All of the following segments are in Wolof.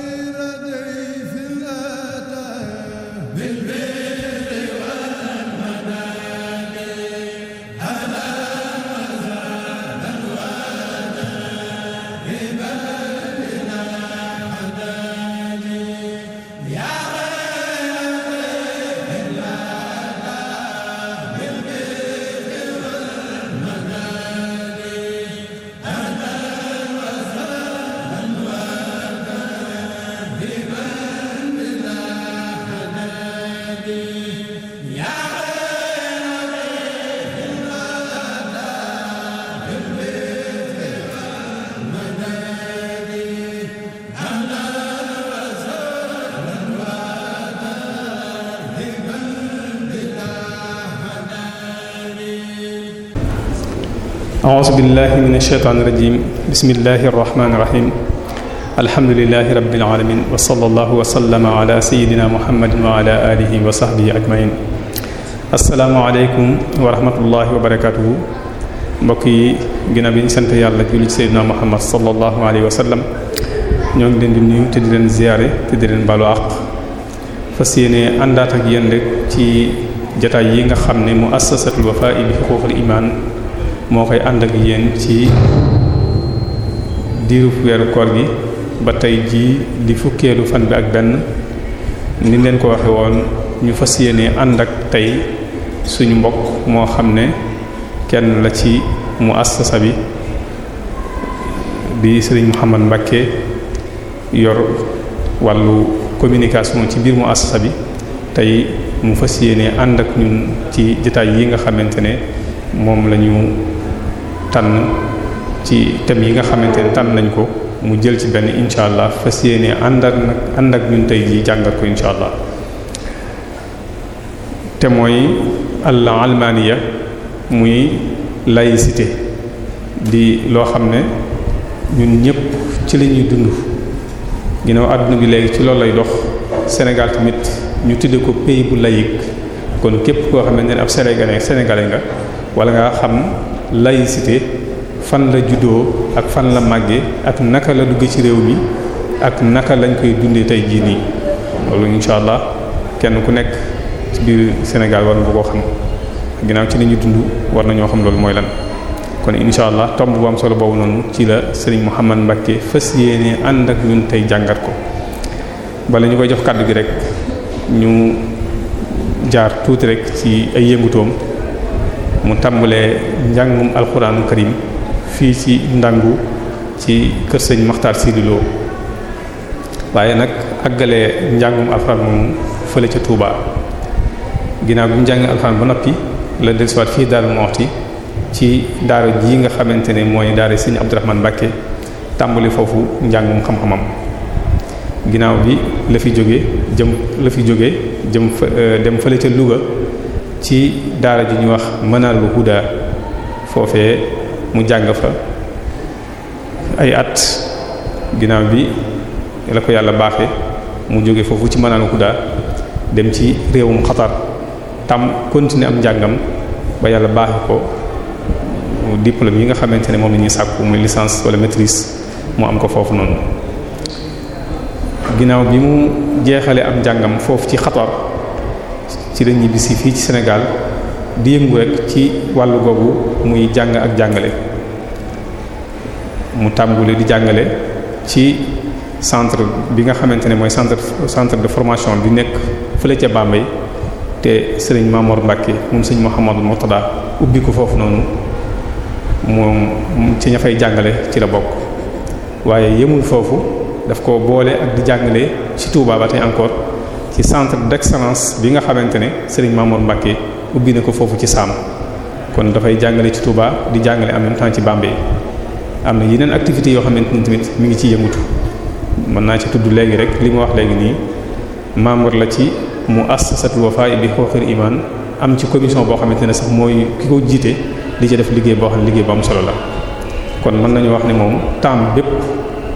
خير دين aus billahi min alsheytaan irajim bismillahi arrahmani irahim alhamdulilahi rabbil alamin wa sallallahu wa sallama ala sayidina muhammadin wa ala alihi wa sahbihi ajmain asalaamualeykum wa rahmatullahi wa barakatuhu mbokk yi ginnaaw bi ñu sant yàlla julli ci sayidina muhammad sallallahu alayhi wa sallam ñoo ngi leen di nuyu te di leen ziyaare te di leen baalu àq fas yéene àndaat ak yéen rek ci jataay yi nga xam ne muassasatul wafa'i bi huquqil iman moo koy ànd ak yéen ci diiru weeru koor gi ba tey jii di fukkeelu fan bi ak benn ni leen ko waxe woon ñu fas yéene ànd ak tey suñu mbokk moo xam ne kenn la ci mu assasa bi di sëriñ yor wàllu communication ci biir mu assasa bi tey mu fas yéene ànd ak ñun ci jotaay yi nga xamante ne moom lañu tànn ci thèmes yi nga xamante ne tànn nañ ko mu jël ci benn incha allah fas yéene ànd ak ànd ak ñun tey jii jàngat ko incha allah te mooy al ya muy laïcité di loo xam ne ñun ñëpp ci la ñuy dund ginnaaw àdduna bi léegi ci loolu lay dox Sénégal tamit ñu tudde ko pays bu laïque kon képp koo xam ne ab Sénégalais Sénégalais nga wala nga xam laïcité fan la juddoo ak fan la màggee ak naka la dugg ci réew mi ak naka lañ koy dundee tey jii nii loolu incha allah kenn ku nekk ci biir Sénégal war nga koo xam ginnaaw ci li ñu dund war na ñoo xam loolu mooy lan. kon incha allah tomb bu solo boobu noonu ci la Serigne Mouhamad Mbacke fas yéene ànd ak ñun tey jàngat ko bala ñu koy jox kàddu gi rek ñu jaar tuuti rek ci ay yëngutoom. mu tàmbalee njàngum alxuraanu karim fii ci ndangu ci kër sëñ Maxtaar Sidilo waaye nag àggalee njàngum alxuraan moomu fële ca tuubaa ginnaaw bi mu njàngee alxuraan ba noppi la dellusiwaat fii Darou Moukhty ci daara ji nga xamante ne mooy daara sëñ Abdourahmane Mbacké tàmbali foofu njàngum xam-xamam ginnaaw bi la fi jóge jëm la fi jóge jëm euh, dem fële ca Louga ci daara ji ñuy wax mënalul huda foofee mu jàng fa ay at ginnaaw bi la ko yàlla baaxe mu jóge foofu ci mënalul huda dem ci réewum xatar tam continuer am njàngam ba yàlla baaxe ko diplôme yi nga xamante ne moom la ñuy sàkku muy licence wala metrise mu am ko foofu noonu ginnaaw bi mu jeexale am njàngam foofu ci xatar ci la ñibbisi fii ci senegal di yëngu rek ci wàll googu muy jàng ak jàngale mu tàmbuli di jàngale ci centre bi nga xamante ne mooy centre centre de formation bi nekk fële ca Bambey te sëriñ Mamor Mbacke moom sëriñ Mouhamadou Murtada ubbi ko foofu noonu moom ci ña fay jàngale ci la bokk waaye yëmul foofu daf ko boole ak di jàngale ci Touba encore ci centre d'excellence bi nga xamante ne Serigne Mamour Mbacké ubbi na ko foofu ci Sàmm kon dafay jàngale ci Touba di jàngale am même temps ci Bambey am na yeneen activités yoo xamante ni tamit mi ngi ciy yëngutu mën naa ci tudd léegi rek li mu wax léegi nii membre la ci mu assasatul Wafa bi xooxir imaan am ci commission boo xamante ne sax mooy ki ko jiite li ci def liggéey boo xam ne liggéey bu mu solo la kon mën nañu wax ne moom temps bépp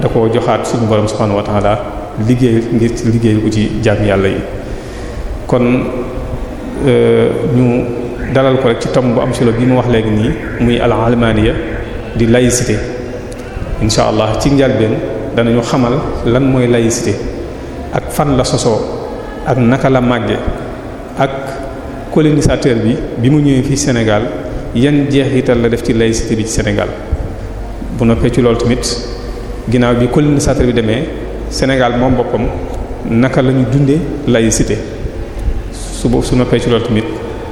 da koo joxaat suñu borom subhanahu wa ta'ala liggéey ngir liggéey ko ci jaam yàlla yi kon euh, ñu dalal ko rek ci tomb bu am solo bi mu wax léegi nii muy al almaniya di laïcité incha allah ci njalbeen njàlbeen danañu xamal lan mooy laïcité ak fan la sosoo ak naka la màgge ak colonisateur bi bi mu ñëwee fii Sénégal yan jeexital la def ci laïcité bi ci Sénégal bu noppee ci loolu tamit ginnaaw bi colonisateur bi demee Sénégal moom boppam naka la ñu dundee su boobu su noppee ci loolu tamit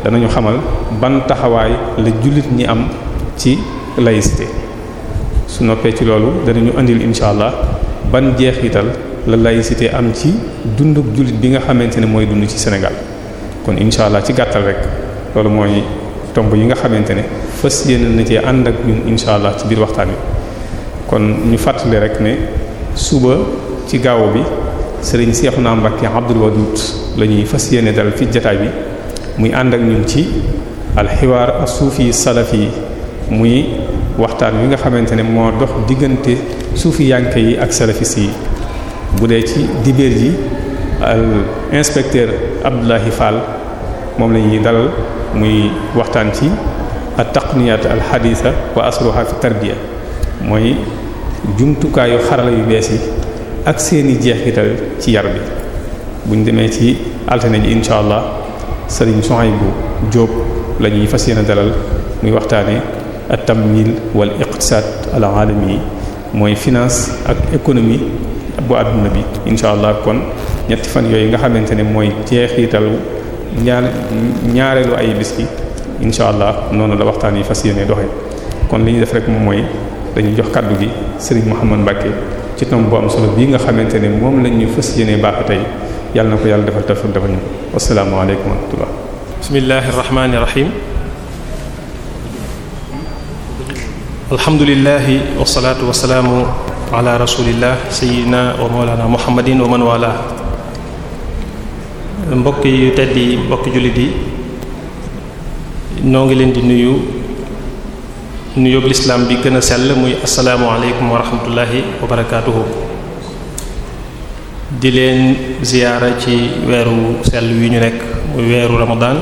danañu xamal ban taxawaay la jullit ñi am ci laïcité su noppee ci loolu danañu andil incha allah ban jeexital la laïcité am ci dunduk jullit bi nga xamante ne mooy dund ci Sénégal kon incha allah ci gàttal rek loolu mooy tomb yi nga xamante ne fës yéene na cee ànd ak ñun incha allah ci biir waxtaan wi kon ñu fàttali rek ne suba. ci gaaw bi sëriñ Seexuna Mbàkke Abdul Wadud la fas yéene dal fi jataay bi muy ànd ak ñun ci alxiwaar as-suufi salafi muy waxtaan wi nga xamante ne moo dox diggante suufi yanke yi ak salafis yi bu dee ci dibeer ji al inspecteur Abdoulahi Fall moom la ñuy dalal muy waxtaan ci at-taqniyat al-haditha wa asluha fi tarbiya mooy jumtukaayu xarala yu bees yi ak seeni jeex jeexital ci yar bi buñ demee ci altine bi incha allah sëriñ Souhaïbou Diop la ñuy fas yéene dalal muy waxtaane at-tamwil wal iqtisad al alami mooy finance ak économie bu àdduna bi incha allah kon ñetti fan yooyu nga xamante ne mooy jeexitalu ñaar ñaareelu ay bis bi allah noonu la waxtaan yi fas yéene doxee kon li ñu def rek moom mooy dañuy jox kàddu gi Serigne Mouhamed Mbacke ci tomb bu am solo bii nga xamante ne moom lañ ñu fas yéene a tey yàlla na ko yàlla defal tawfiq defal ñu ko asalaamaaleykum wa rahmatullah bismillahir rahmanir rahim alhamdulillahi wasalaatu wasalaamu ala rasulillah sayyidina wa mawlana muhammadin wa man wala yu tedd yi mbokk jullit yi noo ngi leen di nuyu nuyób lislaam bi gën a sell muy asalaamualeykum wa rahmatullahi wa barakaatuhu di leen ziyaara ci weeru sell wi ñu nekk muy weeru ramadan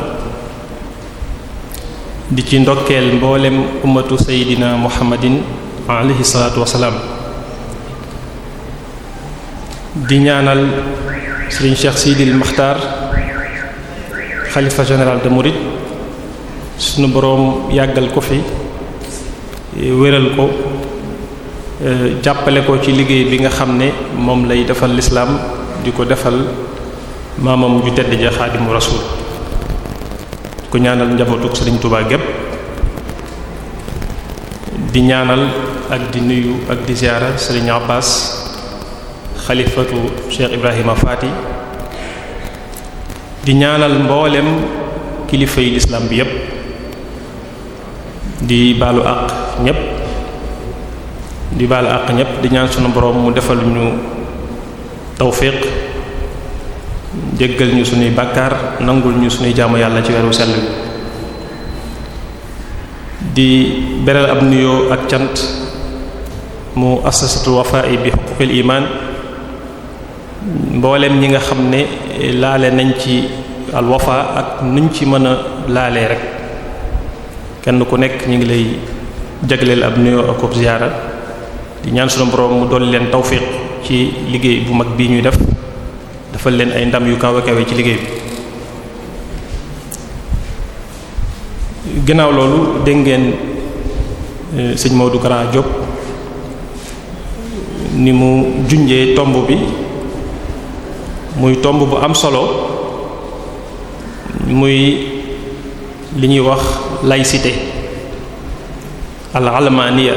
di ci ndokkeel mboolem ummatu sayidina muhammadin alayhi salaatu wasalaam di ñaanal sëriñ Cheikh Sidil Maxtaar xalifa général de Mouride sunu boroom yàggal ko fi wéral ko euh, jàppale ko ci liggéey bi nga xam ne moom lay defal lislaam di ko defal maamam ju tedd ja xaadimu rasuul ku ñaanal njabootuk Sëriñ Tuubaa gépp di ñaanal ak di nuyu ak di ziyaara Sëriñ Abbaas xalifatu Cheikh Ibrahima Faati di ñaanal mboolem kilifa yi lislaam bi yépp di baalu àq àq ñépp di baal àq ñépp di ñaan sunu boroom mu defal ñu tawfiq jéggal ñu sunuy bàkkaar nangul ñu sunuy jaamu yàlla ci weeru sell di beral ab nuyoo ak cant mu assasatul wafa'i bi xuquqil iman mboolem ñi nga xam ne laale nañ ci al wafa ak nuñ ci mën a laalee rek kenn ku nekk ñu ngi lay jagleel ab nuyoo ak ab ziyaara di ñaan sunu borom mu dolli leen tawfiq ci liggéey bu mag bii ñuy def dafa leen ay ndam yu kawe kawe ci liggéey bi ginnaaw loolu dégg ngeen eh, sëñ Maodo Kara Diop ni mu junjee tomb bi muy tomb bu am solo muy li ñuy wax laïcité al-almaniya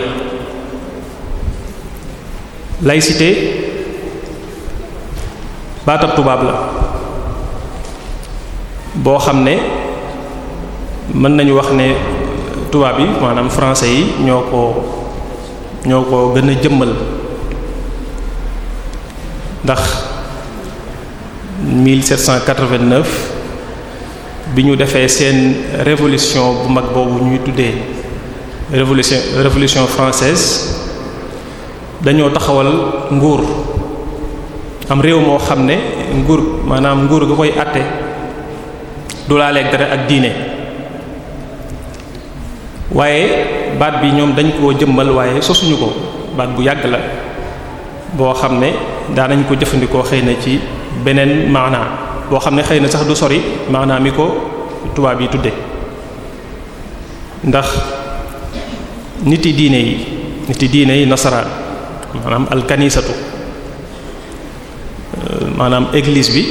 laïcité baatab tubaab la boo xam ne mën nañu wax ne tubaab yi maanaam français yi ñoo ko ñoo ko gën a jëmmal ndax 1789 bi ñu defee seen révolution bu mag boobu ñuy tuddee révolution révolution francaise dañoo taxawal nguur am réew moo xam ne nguur maanaam nguur ga koy àtte du laaleeg dara ak diine waaye baat bi ñoom dañ koo jëmbal waaye sosuñu ko baat bu yàgg la boo xam ne daanañ ko jëfandikoo xëy na ci beneen maanaa boo xam ne xëy na sax du sori maanaa mi ko tubaab yi tudde ndax nit yi diine yi nit yi diine yi nasaraan maanaam alkanisatu euh, maanaam église bi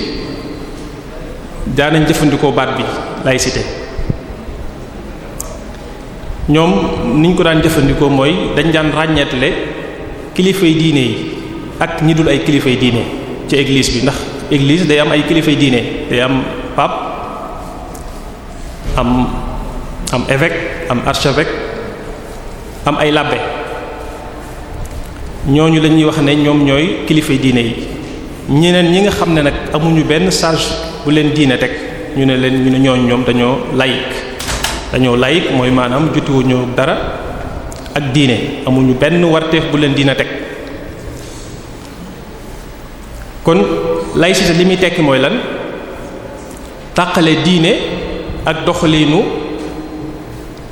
daanañ jëfandikoo baat bi laïcité ñoom niñ ko daan jëfandikoo mooy dañ daan ràññeetle kilifay diine yi ak ñi dul ay kilifay diine ci eglise bi ndax église day am ay kilifay diine day am pape am am évêque am archevêque am ay làbbe ñooñu lañuy wax ne ñoom ñooy kilifa diine yi ñeneen ñi nga xam ne nag amuñu benn charge bu leen diine teg ñu ne leen ñu ne ñoom dañoo laïque dañoo laïque mooy maanaam jotuwuñu dara ak diine amuñu benn warteef bu leen diine teg kon laïcité li muy tekki mooy lan taqale diine ak doxaliinu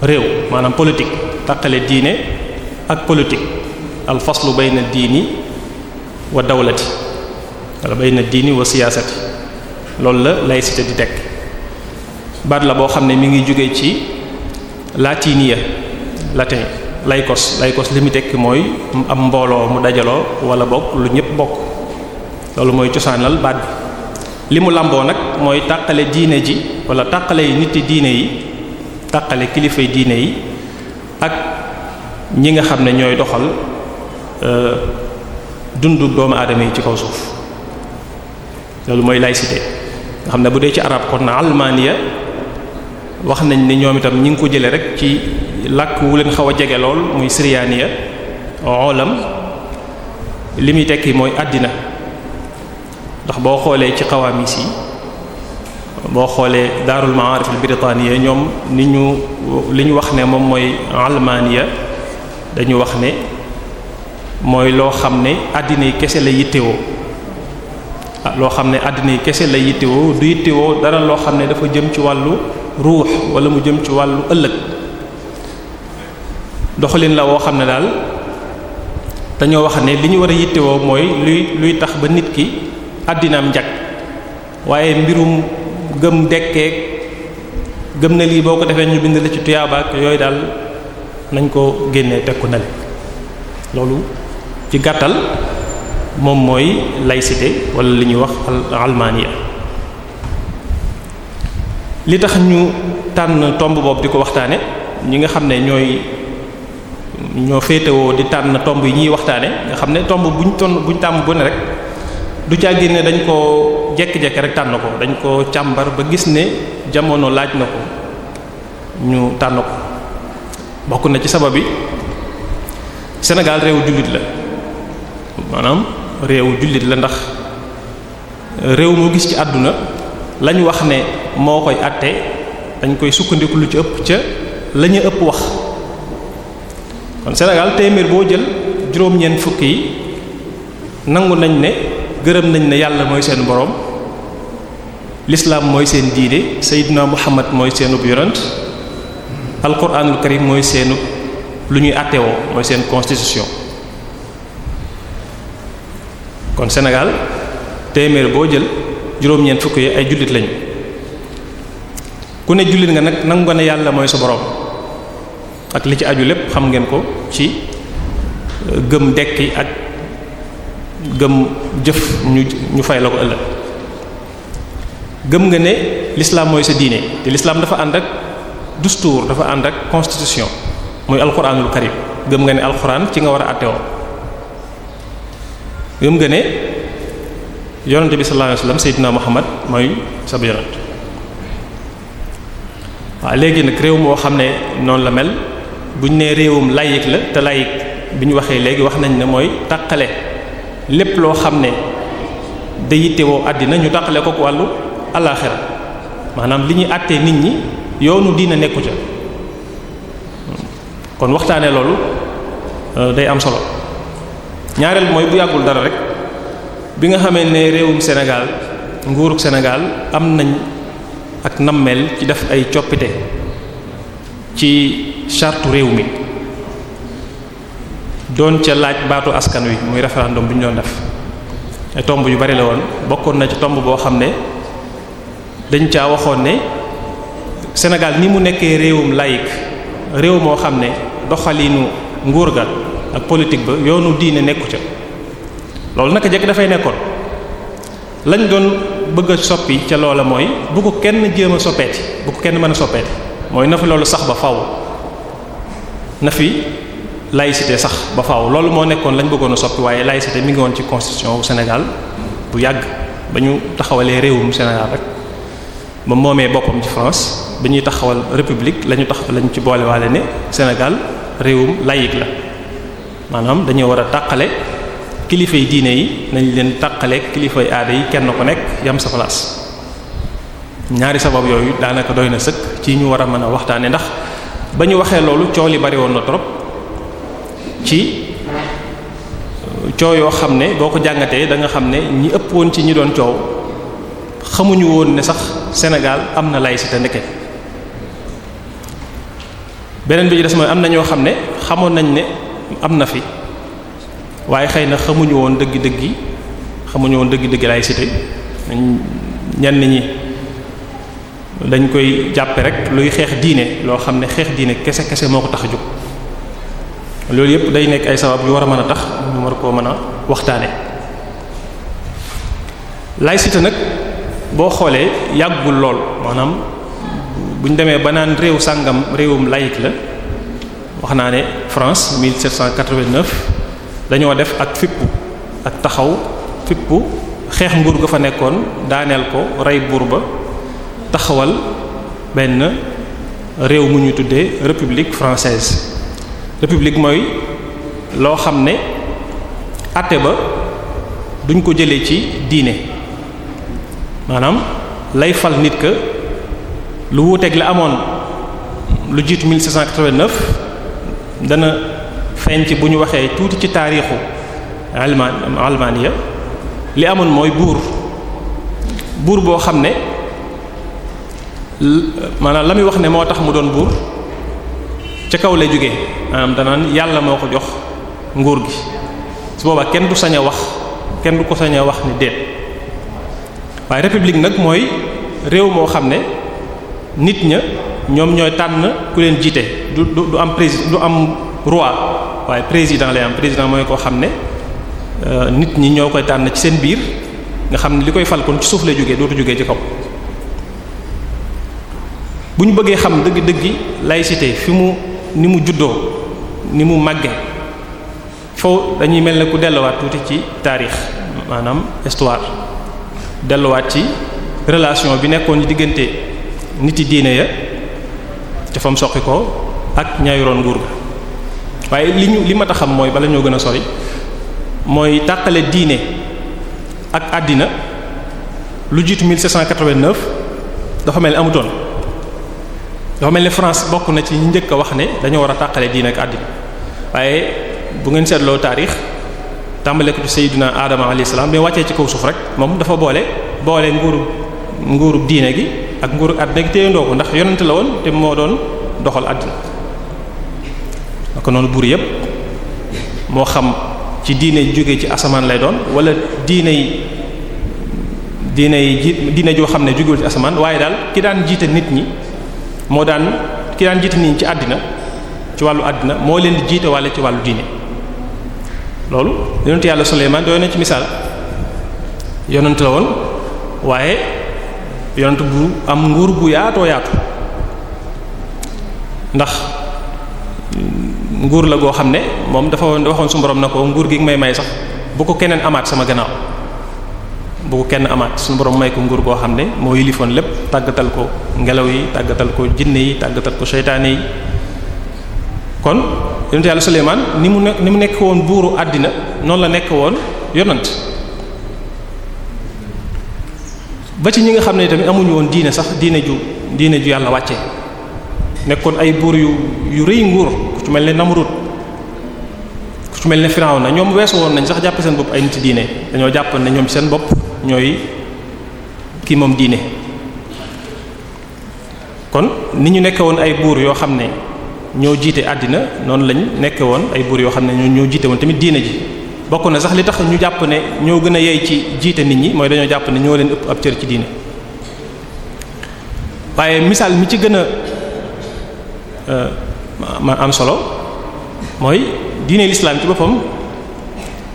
réew maanaam politique taqale diine ak politique al faslu bayna diini wa dawlati wala bayna diini wa siyaasati loolu la laïcité di tek baat la boo xam ne mi ngi jóge ci latiniya latin laykos laïcos li mu tekki mooy am mbooloo mu dajaloo wala bokk lu ñépp bokk loolu mooy cosaanal baat bi li mu làmboo nag mooy taqale diine ji walla tàqale yi nit diine yi taqale kilifay diine yi ak ñi nga xam ne ñooy doxal euh, dundu doomu aadama yi ci kaw suuf loolu mooy laïcité nga xam ne bu dee ci arab kon na wax nañ ni ñoom itam ñi ngi ko jëlee rek ci làkk wu leen xaw a jege lool muy siriyaaniya olam li muy tekki mooy àddina ndax boo xoolee ci xawaamis yi boo xoolee daarul maarif al ñoom ni ñu li ñu wax ne moom mooy almaniya dañu wax ne mooy loo xam ne àddina yi kese la yittewoo ah loo xam ne àddina yi kese la yittewoo du yittewoo dara loo xam ne dafa jëm ci wàllu ruux wala mu jëm ci wàllu ëllëg doxalin la woo xam ne daal dañoo wax ne li ñu war a yittewoo mooy luy luy tax ba nit ki àddinaam njag waaye mbirum gëm dekkeeg gëm na lii boo ko defee ñu bind la ci tuyaaba ak yooyu daal nañ ko génne teg na nale loolu ci gàttal moom mooy laysite wala li ñuy wax almaania li tax ñu tànn tomb boobu di ko waxtaane ñi nga xam ne ñooy ñoo féetewoo di tànn tomb yi ñuy waxtaane nga xam ne tomb buñ ton buñ tàmm bu rek du caa génne dañ ko jekki-jekki rek tànn ko dañ ko càmbar ba gis ne jamono laaj na ko ñu tànn ko bokk na ci sabab bi Sénégal réewu jullit la maanaam réewu jullit la ndax réew moo gis ci àdduna lañ wax ne moo koy àtte dañ koy sukkandiku lu ci ëpp ca la ñu ëpp wax kon Sénégal téeméer boo jël juróom-ñeent fukk yi nangu nañ ne gërëm nañ ne yàlla mooy seen boroom lislaam mooy seen diine Seydina Muhammad mooy seenub yonent alquranul karim mooy seenub lu ñuy àttewoo mooy seen constitution kon Sénégal téeméer boo jël juróom-ñeent fukk yi ay jullit lañu ku ne jullit nga nag nangu nga ne yàlla mooy sa boroom ak li ci aju lépp xam ngeen ko ci gëm dekki ak gëm jëf ñu ñu fay la ko ëllëg gëm nga ne lislaam mooy sa diine te l'islam dafa ànd ak dustuur dafa ànd ak constitution muy alquranul karim gëm nga ne alquran ci nga war a àttewoo gëm nga ne yonent bi sallallahu alayhi wasallam Muhammad mooy sab yonent waaw léegi nag réew moo xam ne noonu la mel buñ nee réewum laïc la te laïc bi ñu waxee léegi wax nañ ne mooy taqale lépp loo xam ne dayitewoo àddina ñu taqale ko ko wàllu alaxira maanaam li ñuy àttee nit ñi yoonu diina nekku ca kon waxtaanee loolu euh, day am solo ñaareel mooy bu yàggul dara rek bi nga xamee ne réewum Sénégal nguurug Sénégal am nañ ak nammeel ci def ay coppite ci charte réew mi doon ca laaj baatu askan wi muy référendum bi ñu doon def tomb yu bari la woon bokkoon na ci tomb boo xam ne dañ caa waxoon ne Sénégal ni mu nekkee réewum laïque réew moo xam ne doxaliinu nguur ga ak politique ba yoonu diine nekku ca loolu naka jekk dafay nekkoon lañ doon bëgg soppi ca loola mooy bu kenn jéem a soppeeti bu kenn mën a soppeeti mooy na fi loolu sax ba faw na fi laïcité sax ba faaw loolu moo nekkoon lañ bëggoon a soppi waaye laïcité mi ngi ci constitution wu Sénégal bu yàgg ba ñu taxawalee réewum Sénégal rek ba moomee boppam ci France bi ñuy taxawal république lañu tax lañu ci boolewaale ne senegal réewum laïc la maanaam dañoo war a tàqale kilifay diine yi nañ leen tàqale kilifay aada yi kenn ko nekk yam sa place ñaari sabab yooyu daanaka doy na sëkk ci ñu war a mën a waxtaane ndax ba ñu waxee loolu coow li bari woon na trop ci coow yoo xam ne boo ko jàngatee da nga xam ne ñi ëpp woon ci ñi doon coow xamuñu woon ne sax senegal am na laïcité ndeke beneen bi ci des mooy am na ñoo xam ne xamoon nañ ne am na fi waaye xëy na xamuñu woon dëgg-dëgg xamuñu woon dëgg-dëgg laïcité ñenn ñi dañ koy jàppe rek luy xeex diine loo xam ne xeex diine kese kese moo ko tax a jóg loolu yëpp day nekk ay sabab yu war a mën a tax ñu war koo mën a waxtaane laïcité nag boo xoolee yàggul lool maanaam bu demee ba naan réew sàngam réewum laïque la wax naa ne France 1789 dañoo def ak fippu ak taxaw fippu xeex nguur ga fa nekkoon daaneel ko rey buur ba taxawal benn réew mu ñu tuddee république française république mooy loo xam ne àtte ba duñ ko jëlee ci diine maanaam lay fal nit que lu wuuteeg la amoon lu jiitu 1789 dana feeñ ci bu ñu waxee tuuti ci taarixu alman almania li amoon mooy buur buur boo xam ne maanaam la muy wax ne moo tax mu doon buur ca kaw lay jógee maanaam danaan yàlla moo ko jox nguur gi su boobaa kenn du sañ a wax kenn du ko sañ a wax ni déet waaye république nag mooy réew moo xam ne nit ña ñoom ñooy tànn ku leen jiite du du am président du am roi waaye président lay président mooy koo xam ne euh, nit ñi ñoo koy tànn ci seen biir nga xam ne li koy fal kon ci suuf lay jógee dootu jógee ci kaw. bu ñu bëggee xam dëgg-dëggi laïcité fi mu ni mu juddoo ni mu màgge foofu dañuy mel ne ku delluwaat tuuti ci taarix maanaam histoire. delluwaat ci relation bi nekkoon diggante nit yi diine ya te fa soqi ko ak ñayroon nguur ga waaye li ñu li a xam mooy bala ñoo gën a sori mooy tàqale diine ak àddina lu jiitu 1789 dafa mel ni amutoon dafa mel ni France bokk na ci ñi njëkk a wax ne dañoo war a tàqale diine ak àddina waaye bu ngeen seetloo taarix tàmbale ko ci sayyidina Adama alayhi salaam bi wàccee ci kaw suuf rek moom dafa boole boole nguurub nguurub diine gi ak nguurub àddina gi téyandoo ko ndax yonent la woon te moo doon doxal àddina ko noonu buur yépp moo xam ci diine jóge ci asamaan lay doon wala diine yi diine yi ji diine joo xam ne jógewul ci asamaan waaye daal ki daan jiite nit ñi moo daan ki daan jiite nit ñi ci àddina ci wàllu àddina moo leen di jiite wala ci wàllu diine loolu yonent yàlla Suleymaan doy na ci misaal yonent la woon waaye yonent bu am nguur gu yaatoo yaatu ndax nguur la goo xam ne moom dafa waxoon su borom na ko nguur gi may may sax bu ko keneen amaat sama gannaaw bu ko kenn amaat su borom may ko nguur goo xam ne moo yilifoon lépp tàggatal ko ngelaw yi tàggatal ko jinne yi tàggatal ko seytaane yi kon yonent yàlla Suleymaan ni mu nekk ni mu nekk woon buuru àddina noonu la nekk woon yonent ba ci ñi nga xam ne tamit amuñu woon diine sax diine ju diine ju yàlla wàcce nekkoon ay buur yu yu rëy nguur ku ci mel ne Namrud ku ci mel ne na ñoom weesu woon nañ sax jàpp seen bopp ay nit diine dañoo jàpp ne ñoom seen bopp ñooy kii moom diine kon ni ñu nekk woon ay buur yoo xam ne ñoo jiite àddina noonu lañ nekke woon ay buur yoo xam ne ñoo jiite woon tamit diine ji bokk na sax li tax ñu jàpp ne ñoo gën a yey ci jiite nit ñi mooy dañoo jàpp ne ñoo leen ëpp ab cër ci diine waaye misaal mi ci gën a euh, ma am solo mooy diine lislaam ci boppam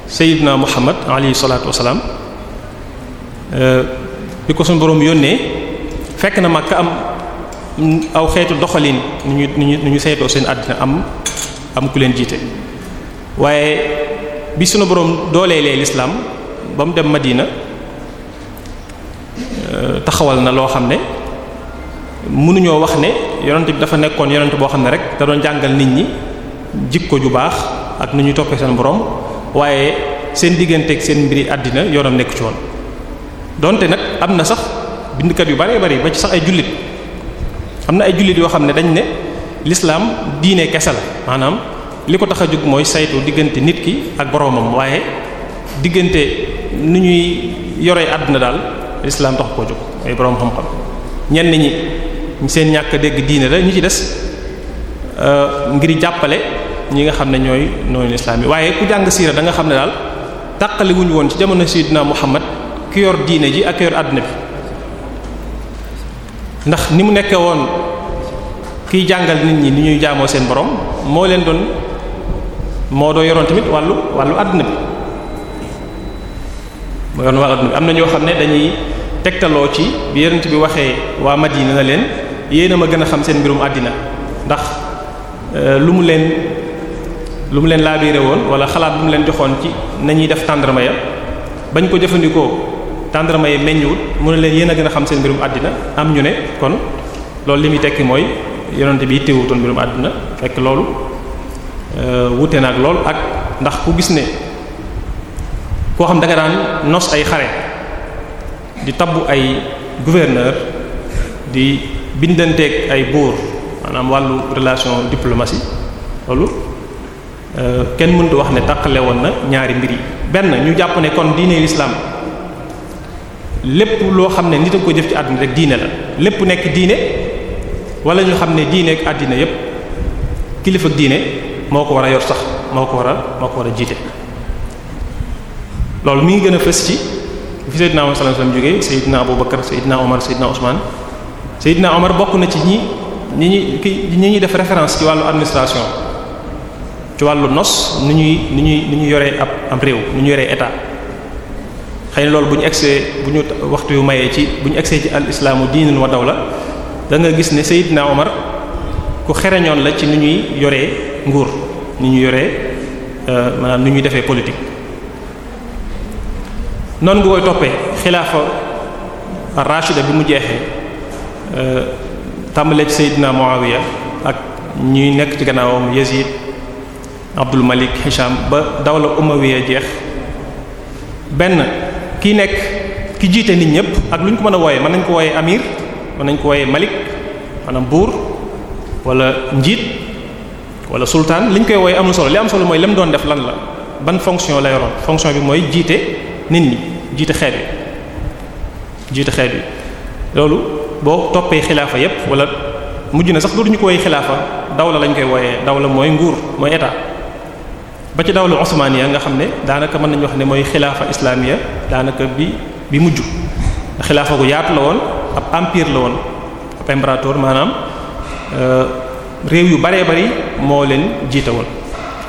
Seyyidina Muhammad alayhi salaatu wasalaam euh, bi ko suñu boroom yónnee fekk na Makka am aw xeetu doxalin nu ñu nu ñu nu seen àddina am am ku leen jiite waaye bi sunu boroom dooleelee lislaam ba mu dem Madina euh, taxawal na loo xam ne mënuñoo wax ne yonent bi dafa nekkoon yonent boo xam ne rek da doon jàngal nit ñi jikko ju baax ak nu ñuy toppee seen boroom waaye seen diggante digganteeg seen mbiri àddina yoonam nekk ci woon donte nag am na sax bindkat yu bare bare ba ci sax ay jullit am na ay jullit yoo xam ne dañ ne lislaam diine kese la maanaam li ko tax a jóg mooy saytu diggante nit ki ak boroomam waaye diggante nu ñuy yoree àdduna daal l'islam tax koo jóg ay boroom xam-xam ñenn ñi seen ñàkk dégg diine la ñu ci des euh, ngir jàppale ñi nga xam ne ñooy noonu l'islam yi waaye ku jàng siira da nga xam ne daal tàqali woon ci jamono Sayyidina Muhammad ki yor diine ji ak ki yor àdduna bi ndax ni mu nekkee woon kiy jàngal nit ñi ni ñuy jaamoo seen boroom moo leen doon moo doo yoroon tamit wàllu wàllu àdduna bi moo yoroon wàllu àdduna bi am na ñoo xam ne dañuy tegtaloo ci bi yonent bi waxee waa Madina na leen yéen a ma gën a xam seen mbirum àddina ndax euh, lu mu leen lu mu leen laabiire woon wala xalaat bu mu leen joxoon ci nañuy def tàndarma ya bañ ko jëfandikoo tàndarma yi meññuwut mu ne leen yéen a gën a xam seen mbirum àddina am ñu ne kon loolu li muy tekki mooy yonente bi ittewutoon mbirum àddina fekk loolu euh, wute na ak lool ak ndax ku gis ne koo xam da nga daan nos ay xare di tabbu ay gouverneur di bindanteek ay buur maanaam wàllu relation diplomatie loolu euh, kenn mënut wax ne taqale woon na ñaari mbir yi benn ñu jàpp ne kon diine l'islam lépp loo xam ne nit a koy def ci àdduna rek diine la lépp nekk diine wala ñu xam ne diine ak àddina yépp kilifa ak diine moo ko war a yor sax moo ko war a moo ko war a jiite loolu mi ngi gën a fës ci fi Seydina Muhammad sallallahu alayhi wasallam jógee Seydina Abu Bakar Seydina Omar Seydina Ousmane Seydina Omar bokk na ci ñi ni ñi ki ñi ñuy def référence ci wàllu administration ci wàllu nos nu ñuy ni ñuy nu ñuy yore ab am réew nu ñuy yoree état xëy na loolu bu ñu egsee bu ñu waxtu yu mayee ci bu ñu egsee ci al islaamu diinun wa dawla da nga gis ne Seydina Omar ku xereñoon la ci nu ñuy yoree nguur nu ñu yore euh, maanaam ni ñuy defee politique noon nga koy toppee xilaafa rachida bi mu jeexee euh, tàmbalee ci Seydina Muawiya ak ñuy nekk ci gannaawam Yazid Abdul Malik Hisham ba dawla umawiya jeex benn kii nekk ki jiite nit ñëpp ak lu ñu ko mën a wooyee mën nañ ko wooyee amir mën nañ ko wooyee malik maanaam buur wala njiit wala sultaan li ñu koy wooyee amul solo li am solo mooy lem doon def lan la ban fonction la yoroon fonction bi mooy jiite nit ñi jiite xeet bi jiite xeet bi loolu boo toppee xilaafa yépp wala mujj na sax dootuñu ko wooyee xilaafa dawla lañ koy wooyee dawla mooy nguur mooy état. ba ci dawlu osmaniya nga xam ne daanaka mën nañu wax ne mooy xilaafa ya daanaka bi bi mujj xilaafa gu yaatu la woon ab empire la woon ab impérateur maanaam euh, réew yu baree bari moo leen jiite woon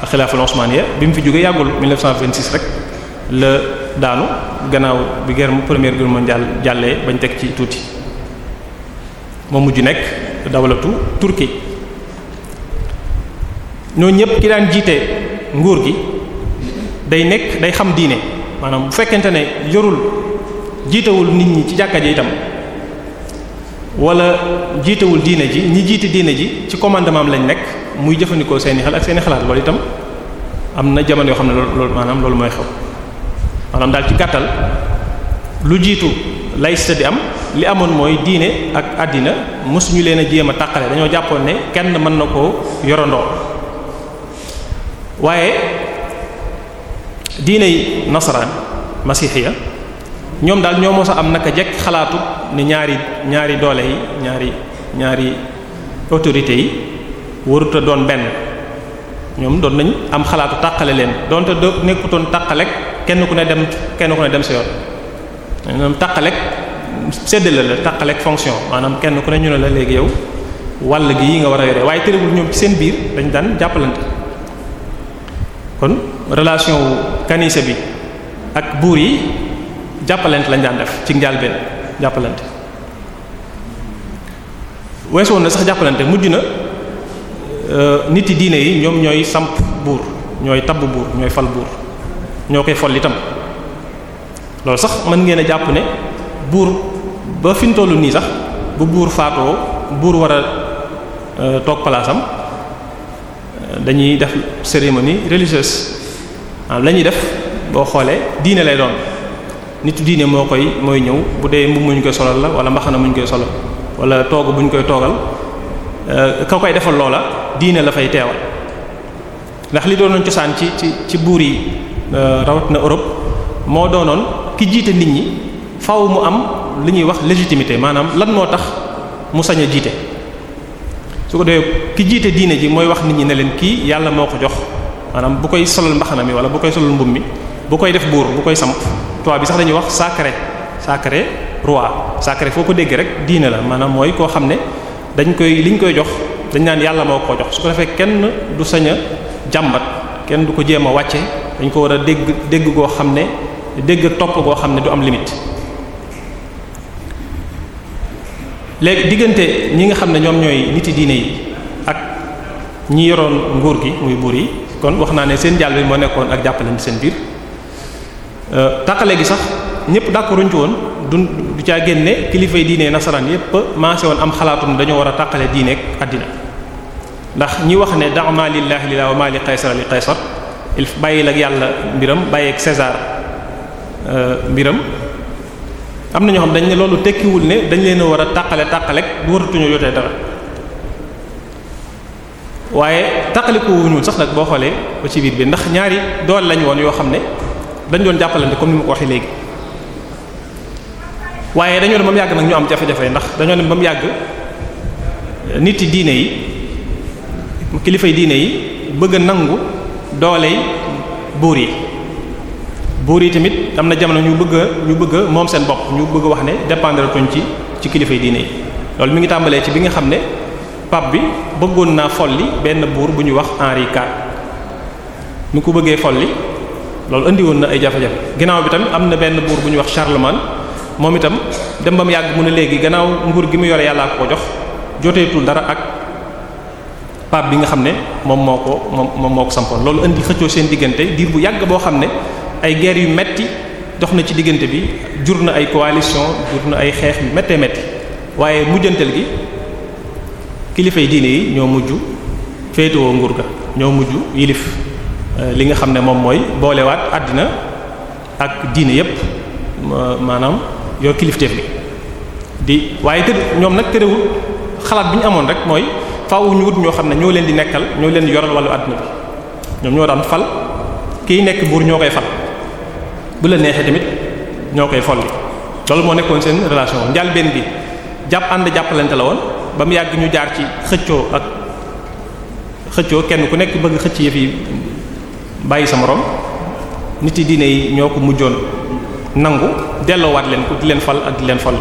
xilaafa osmaniya bi mu fi jógee yàggul 1926 rek la daanu gannaaw bi guerre première guerre mondiale jàllee bañ teg ci tuuti moo mujj nekk dawlatu Turquie ñoo ñëpp ki daan jiite nguur gi day nekk day xam diine maanaam bu fekkente ne yorul jiitewul nit ñi ci jàkka ji itam wala jiitewul diine ji ñi jiite diine ji ci commandement am lañ nekk muy jëfandikoo seeni xel ak seeni xalaat loolu itam am na jamono yoo xam ne loolu maanaam loolu mooy xew maanaam daal ci gàttal lu jiitu laïcité di am li amoon mooy diine ak àddina mosuñu leen a jéem a tàqale dañoo jàppoon ne kenn mën na koo yorandoo waaye diiney nasaraan ya ñoom daal ñoo mos am naka jekk xalaatu ne ñaari ñaari doole yi ñaari ñaari autorités yi waruta doon benn ñoom doon nañ am xalaatu tàqale leen donte do nekkutoon tàqalek kenn ku ne dem kenn ku dem sa yoon ñoom tàqalek séddale la tàqalek fonction maanaam kenn ku ne ñu ne la léegi yow wàll gi yi nga war a yore waaye terewul ñoom ci seen biir dañ daan jàppalante kon relation wu kanisa bi ak buur yi jàppalante lañ daan def ci njàlbeen jàppalante weesu woon na sax jàppalante mujj na euh, nit yi diine yi ñoom ñooy samp buur ñooy tabb buur ñooy fal buur ñoo koy fol itam loolu sax man ngeen a jàpp ne buur ba fi ñu nii sax bu buur faatoo buur wara a euh, toog palaasam dañuy def cérémonie religieuse ah, la ñuy def boo xoolee diine lay doon nitu diine moo koy mooy ñëw bu dee mbubb mu ñu koy solal la wala mbaxana mu ñu koy solal wala toog bu ñu koy toogal eh, ka koy defal loola diine la fay teewal ndax li doonoon cosaan ci ci ci buur yi eh, rawat na Europe moo doonoon ki jiite nit ñi faw mu am li ñuy wax légitimité maanaam lan moo tax mu sañ a jiite su ko defee ki jiite diine ji mooy wax nit ñi ne leen kii yàlla moo ko jox maanaam bu koy solal mbaxana mi wala bu koy solal mbub mi bu koy def buur bu koy samp tubaab bi sax dañuy wax sacré sacré roi sacré foo ko dégg rek diine la maanaam mooy koo xam ne dañ koy liñ koy jox dañ naan yàlla moo ko jox su ko defee kenn du sañ a jàmbat kenn du ko jéem a wàcce dañ ko war a dégg dégg goo xam ne dégg topp goo xam ne du am limite léegi diggante ñi nga xam ne ñoom ñooy niti diine yi ak ñi yoroon nguur gi muy buur yi kon wax naa ne seen jàll bi moo nekkoon ak jàppalante seen biir euh, taqale gi sax ñëpp d'accorduñ ci woon du du caa génne kilifay diine nasaraan yëpp maase woon am xalaatum ne dañoo war a taqale diine ak àddina ndax ñi wax ne da ma lillahi lillah wa ma li qaysar li qaysar il yàlla mbiram bàyyeeg César euh, mbiram am na ñoo xam dañ ne loolu tekkiwul ne dañ leen a war a tàqale tàqalek du waratuñu jotee dara waaye tàqaliku wuñu sax nag boo xoolee ba ci biir bi ndax ñaari doole lañ woon yoo xam ne dañ doon jàppalante comme ni ma ko waxee léegi waaye dañoo dem ba mu yàgg nag ñu am jafe-jafe ndax dañoo dem ba mu yàgg nit yi diine yi kilifay diine yi bëgg a nangu dooley buur yi buur yi tamit am na jamono ñu bëgg ñu bëgg moom seen bopp ñu bëgg a wax ne dépendre tuñ ci ci kilifa yi diine yi loolu mi ngi tàmbalee ci bi nga xam ne pape bi bëggoon naa folli benn buur bu ñuy wax Henri IV mi ko bëggee folli loolu indi woon na ay jafe-jafe ginnaaw bi tamit am na benn buur bu ñuy wax Charlemagne moom itam dem ba mu yàgg mu ne léegi gannaaw nguur gi mu yore yàllaa ko jox joteetul dara ak pape bi nga xam ne moom moo ko moom moom moo ko sampoon loolu indi xëccoo seen diggante diir bu yàgg boo xam ne ay guerre yu metti dox na ci diggante bi jur na ay coalition jur na ay xeex yu méttee métti waaye mujjantal gi kilifa yi diine yi ñoo mujj féetewoo nguur ga ñoo mujj yilif euh, li nga xam ne moom mooy boolewaat àddina ak diine yépp maanaam yoo kilifteef bi di waaye të ñoom nag tërëwul xalaat bi ñu amoon rek mooy faaw ñu wut ñoo xam ne ñoo leen di nekkal ñoo leen di yoral wàllu àdduna bi ñoom ñoo daan fal kiy nekk buur ñoo koy fal bu la neexee tamit ñoo koy folli loolu moo nekkoon seen relation njàlbeen bi jàpp ànd jàppalante la woon ba mu yàgg ñu jaar ci xëccoo ak xëccoo kenn ku nekk bëgg xëcc yëf yi bàyyi sa moroom nit yi diine yi ñoo ko mujjoon nangu delloowaat leen ko di leen fal ak di leen fal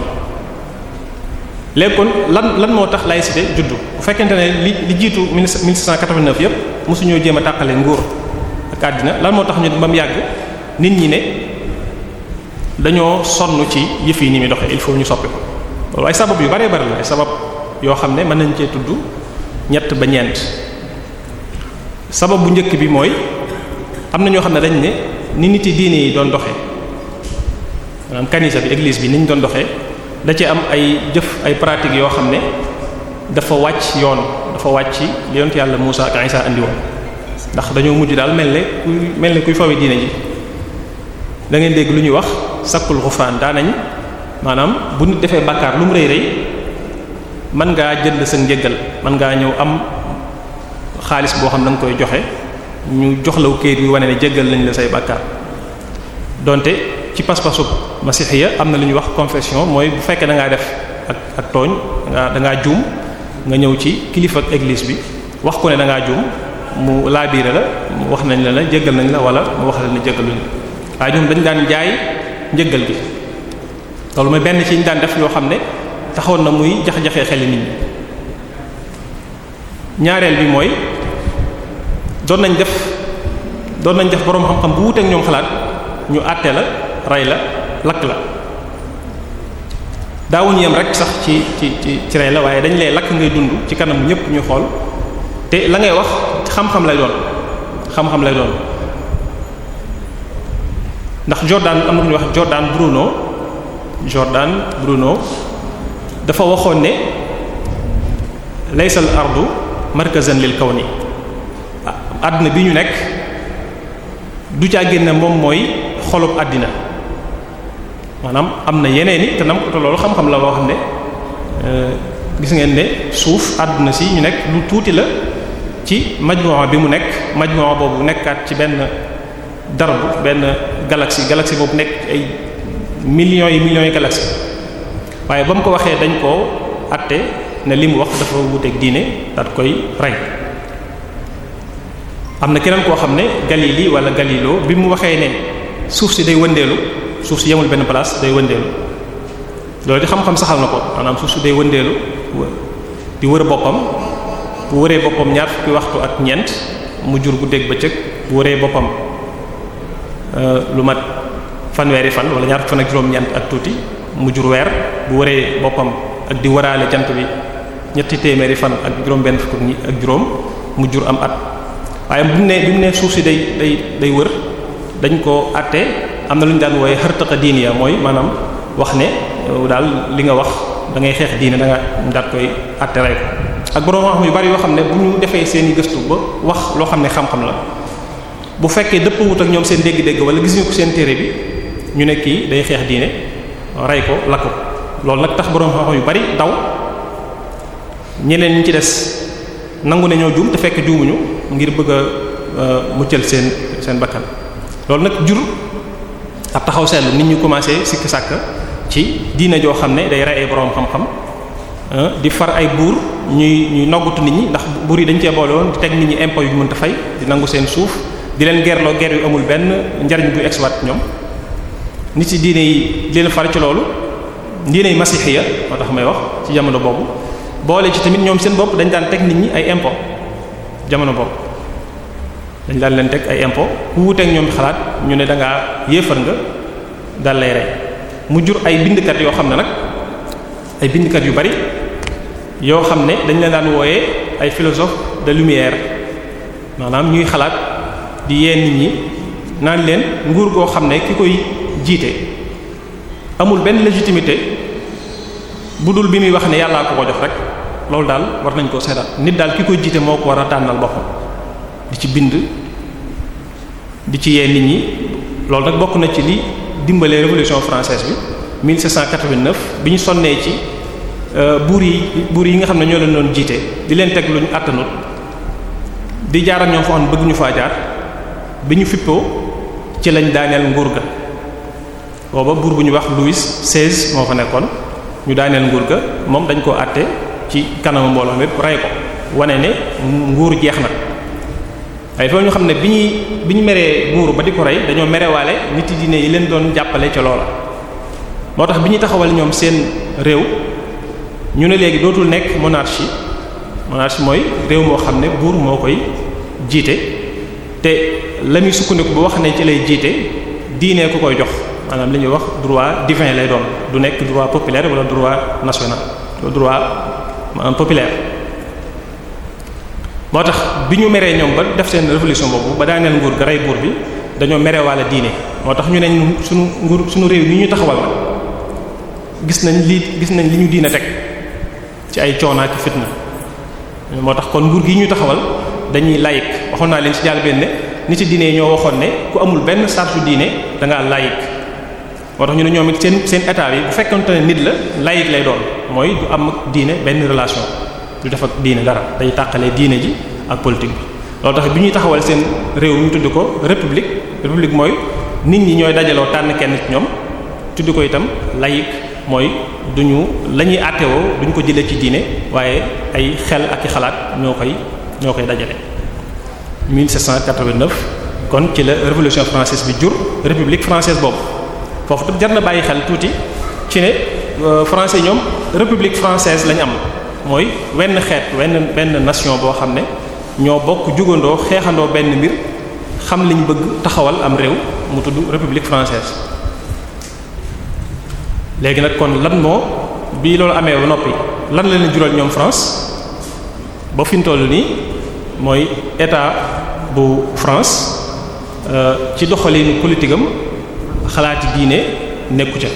léegi lan lan moo tax laïcité juddu bu fekkente ne li li jiitu 1689 yëpp mosuñoo jéem a tàqale nguur ak àddina lan moo tax ñu ba mu yàgg nit ñi ne. dañoo sonn ci yëf yi ni muy doxe il faut ñu soppi ko loolu ay sabab yu bare bëri la ay sabab yoo xam ne mën nañ cee tudd ñett ba ñeent sabab bu njëkk bi mooy am na ñoo xam ne dañ ne ni nit yi diine yi doon doxee kanisa bi église bi ni ñu doon doxe da ci am ay jëf ay pratiques yoo xam ne dafa wàcc yoon dafa wàcc li yonent yàlla Muusa ak indiwoo ndax dañoo mujj daal mel ne kuy mel ne kuy fawe diine ji da ngeen dégg lu ñuy wax sakkul xufaan daanañ maanaam bu nit defee bàkkaar lu mu rëy rey man ngaa jënd sa njëggal mën ngaa ñëw am xaalis boo xam ne danga koy joxe ñu joxlaw kayit yu wane ne jéggal nañ la say bàkkaar donte ci pas ma masixiya am na lu ñuy wax confession mooy bu fekkee dangaa def ak tooñ dangaa da juum nga ñëw ci kilifa ak église bi wax ko ne da ngaa juum mu laabiire la wax nañ la ne jéggal nañ la wala mu wax la ne jéggaluñ waaye ñoom dañ daan njëggal gi loolu mooy benn ci ñu daan def yoo xam ne taxoon na muy jax-jaxee xeli nit ñi ñaareel bi mooy doon nañ def doon nañ def boroom xam-xam bu wuteek ñoom xalaat ñu àtte la rey la lakk la daawuñu yem rek sax ci ci ci ci rey la waaye dañ lay lakk ngay dund ci kanam ñépp ñu xool te la ngay wax xam-xam lay doon xam-xam lay doon ndax Jordan am na ñuy wax Jordan Bruno Jordan Bruno dafa waxoon ne laysal ardu markazan lil kawni ah, àdduna bi ñu nekk du caa génne moom mooy xolub àddina maanaam am na yeneen i te nam te loolu xam-xam la boo xam ne eh, gis ngeen ne suuf àdduna si ñu nekk lu tuuti la ci majmu'a bi mu nekk majmu'a boobu nekkaat ci benn darabu benn galaxie galaxie boobu nekk ay millions yi millions yi galaxie waaye ba mu ko waxee dañ koo atte ne li mu wax dafa wuteeg diine daat koy rey am na keneen koo xam ne Galilée wala Galileo bi mu waxee ne suuf si day wëndeelu suuf si yemul benn place day wëndeelu loolu di xam-xam saxal na ko maanaam suuf si day wëndeelu di wër boppam bu wëree boppam ñaar fukki waxtu ak ñeent mu jur guddeeg bëccëg bu wëree boppam Euh, lu mat fanweeri fan wala ñaar fan ak juróom-ñeent ak tuuti mu jur weer bu waree boppam ak di waraale jant bi ñetti téeméeri fan ak juróom-benn fukk ak juróom mu jur am at waaye bu ne mu ne suuf si day day day wër dañ ko àtte am na lu ñu daan wooye xërtëqa diini ya mooy maanaam wax ne daal li nga wax da ngay xeex diine da mu daat koy àtte rey ak borom yu bari yoo xam ne bu ñu defee seeni gëstu ba wax loo xam ne xam-xam la. bu fekkee dëpp wut ak ñoom seen dégg-dégg wala gis ñu ko seen téere bi ñu ne kii day xeex diine rey ko la ko loolu nag tax boroom xam-xam yu bari daw ñeneen ñi ci des nangu ne ñoo juum te fekk juumuñu ngir bëgg a euh, muccal seen seen bakkan loolu nag jur ab taxaw seetlu nit ñu commencé sikk sàkk ci diine joo xam ne day rey ay boroom xam-xam euh, di far ay buur ñuy ñuy noggutu nit ñi ndax buur yi dañ cee boole woon di teg nit ñi impôts yu mënta fay di nangu seen suuf di leen gerloo ger yu amul benn njariñ bu exwaat ñoom nit ci diine yi di leen far ci loolu diine yi masixiya moo tax may wax ci jamono boobu boole ci tamit ñoom seen bopp dañ daan teg nit ñi ay impôt jamono boobu dañ daan leen teg ay impôt ku wuteeg ñoom xalaat ñu ne da ngaa yéefar nga daal lay mu jur ay bindkat yoo xam ne nag ay bindkat yu bari yoo xam ne dañ leen daan wooyee ay philosophe de lumière maanaam ñuy xalaat di yee nit ñi naan leen nguur goo xam ne ki koy jiite amul benn légitimité bu dul bi muy wax ne yàllaa ko ko jox rek loolu daal war nañ koo seetaat nit daal ki koy jiite moo ko war a tànnal boppam di ci bind di ci yee nit ñi loolu nag bokk na ci li dimbalee révolution française bi 1789 bi ñu sonnee ci euh, buur yi buur yi nga xam ne ñoo leen doon jiite di leen teg luñ àttanut di jaar ak ñoom xam ne faa jaar bi ñu fippoo ci lañ daaneel nguur ga booba buur bu ñu wax Louis XVI moo fa nekkoon ñu daaneel nguur ga moom dañ ko àtte ci kanamu mbooloo mépp rey ko wane ne nguur jeex na ay foofu ñu xam ne bi ñuy bi ñu meree buur ba di ko rey dañoo merewaale nit yi diine yi leen doon jàppale ca loola moo tax bi ñuy taxawal ñoom seen réew ñu ne léegi dootul nekk monarchie monarchie mooy réew moo xam ne buur moo koy jiite te la muy sukkandiku bu wax nañ ci lay jiite diine ku koy jox maanaam li ñuy wax droit divin lay doon du nekk droit populaire wala droit national droit maanaam populaire. moo tax bi ñu meree ñoom ba def seen révolution boobu ba daaneel nguur ga rey bi dañoo merewaale diine moo tax ñu ne sunu nguur sunu réew mi ñu taxawal gis nañ li gis nañ li ñu diine teg ci ay coono ak fitna moo tax kon nguur gi ñu taxawal. dañuy laïc waxoon naa leen ci jàll benn nit ci diine ñoo waxoon ne ku amul benn charge diine da ngaa laïc moo tax ñu ne ñoom it seen seen état bi bu fekkonte ne nit la laïc lay doon mooy du am diine benn relation du def ak diine dara day tàqalee diine ji ak politique bi. loolu tax bi ñuy taxawal seen réew ñu tudd ko république république mooy nit ñi ñooy dajaloo tànn kenn ci ñoom tudd ko itam laïc mooy duñu la ñuy àttewoo duñ ko jëlee ci diine waaye ay xel ak i xalaat ñoo ñoo koy dajale 1789 kon ci la révolution française bi jur république française boobu foofu tam jar na bàyyi xel tuuti ci ne euh, français ñoom république francaise lañ am mooy wenn xeet wenn benn nation boo xam ne ñoo bokk jugandoo xeexandoo benn mbir xam liñ bëgg taxawal am réew mu tudd république française léegi nag kon lan moo bi loolu amee ba noppi lan la leen jural ñoom France ba fi nii mooy état bu France euh, ci doxalinu politikam am xalaati diine nekku ca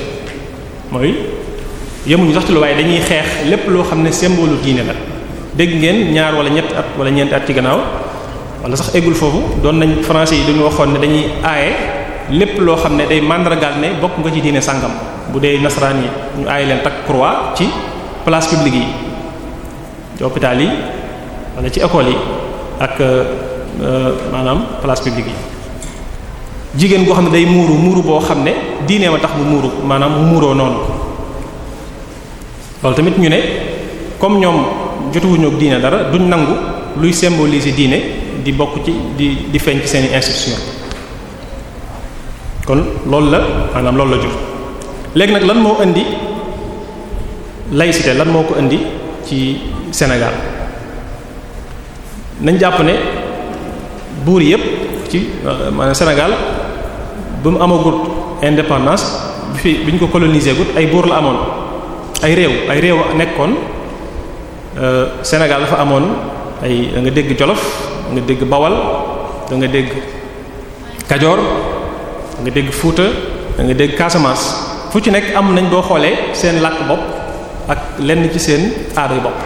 mooy yemuñu sax ci lu waaye dañuy xeex lépp loo xam ne symbole diine la dégg ngeen ñaar wala ñett at wala ñeent at ci gannaaw wala sax eggul foofu doon nañ france yi dañu waxoon ne dañuy aaye lépp loo xam ne day màndargaal ne bokk nga ci diine sàngam bu dee nasaraan yi ñu aaye leen takk croix ci place publique yi ci hôpital yi wala ci école yi ak euh, euh, maanaam place yi jigéen goo xam ne day muuru muuru boo xam ne diine ma tax mu muuru maanaam mu muuroo noonu loolu tamit ñu ne comme ñoom jotuwuñu ak diine dara duñ nangu luy symboliser diine di bokk ci di di feeñ ci seeni institution kon loolu la maanaam loolu la jur léegi nag lan moo indi laïcité lan moo ko indi ci Sénégal nañ jàpp ne buur yépp ci euh, maanaam Sénégal ba mu amagut indépendance bi fi bi ñu ko coloniser gut ay buur la amoon ay réew ay réew nekkoon euh, Sénégal dafa amoon ay da nga dégg Jolof da nga dégg Bawal da nga dégg Kajoor da nga dégg Fuuta da dégg Casamance fu ci nekk am nañ boo xoolee seen làkk bopp ak lenn ci seen aaday bopp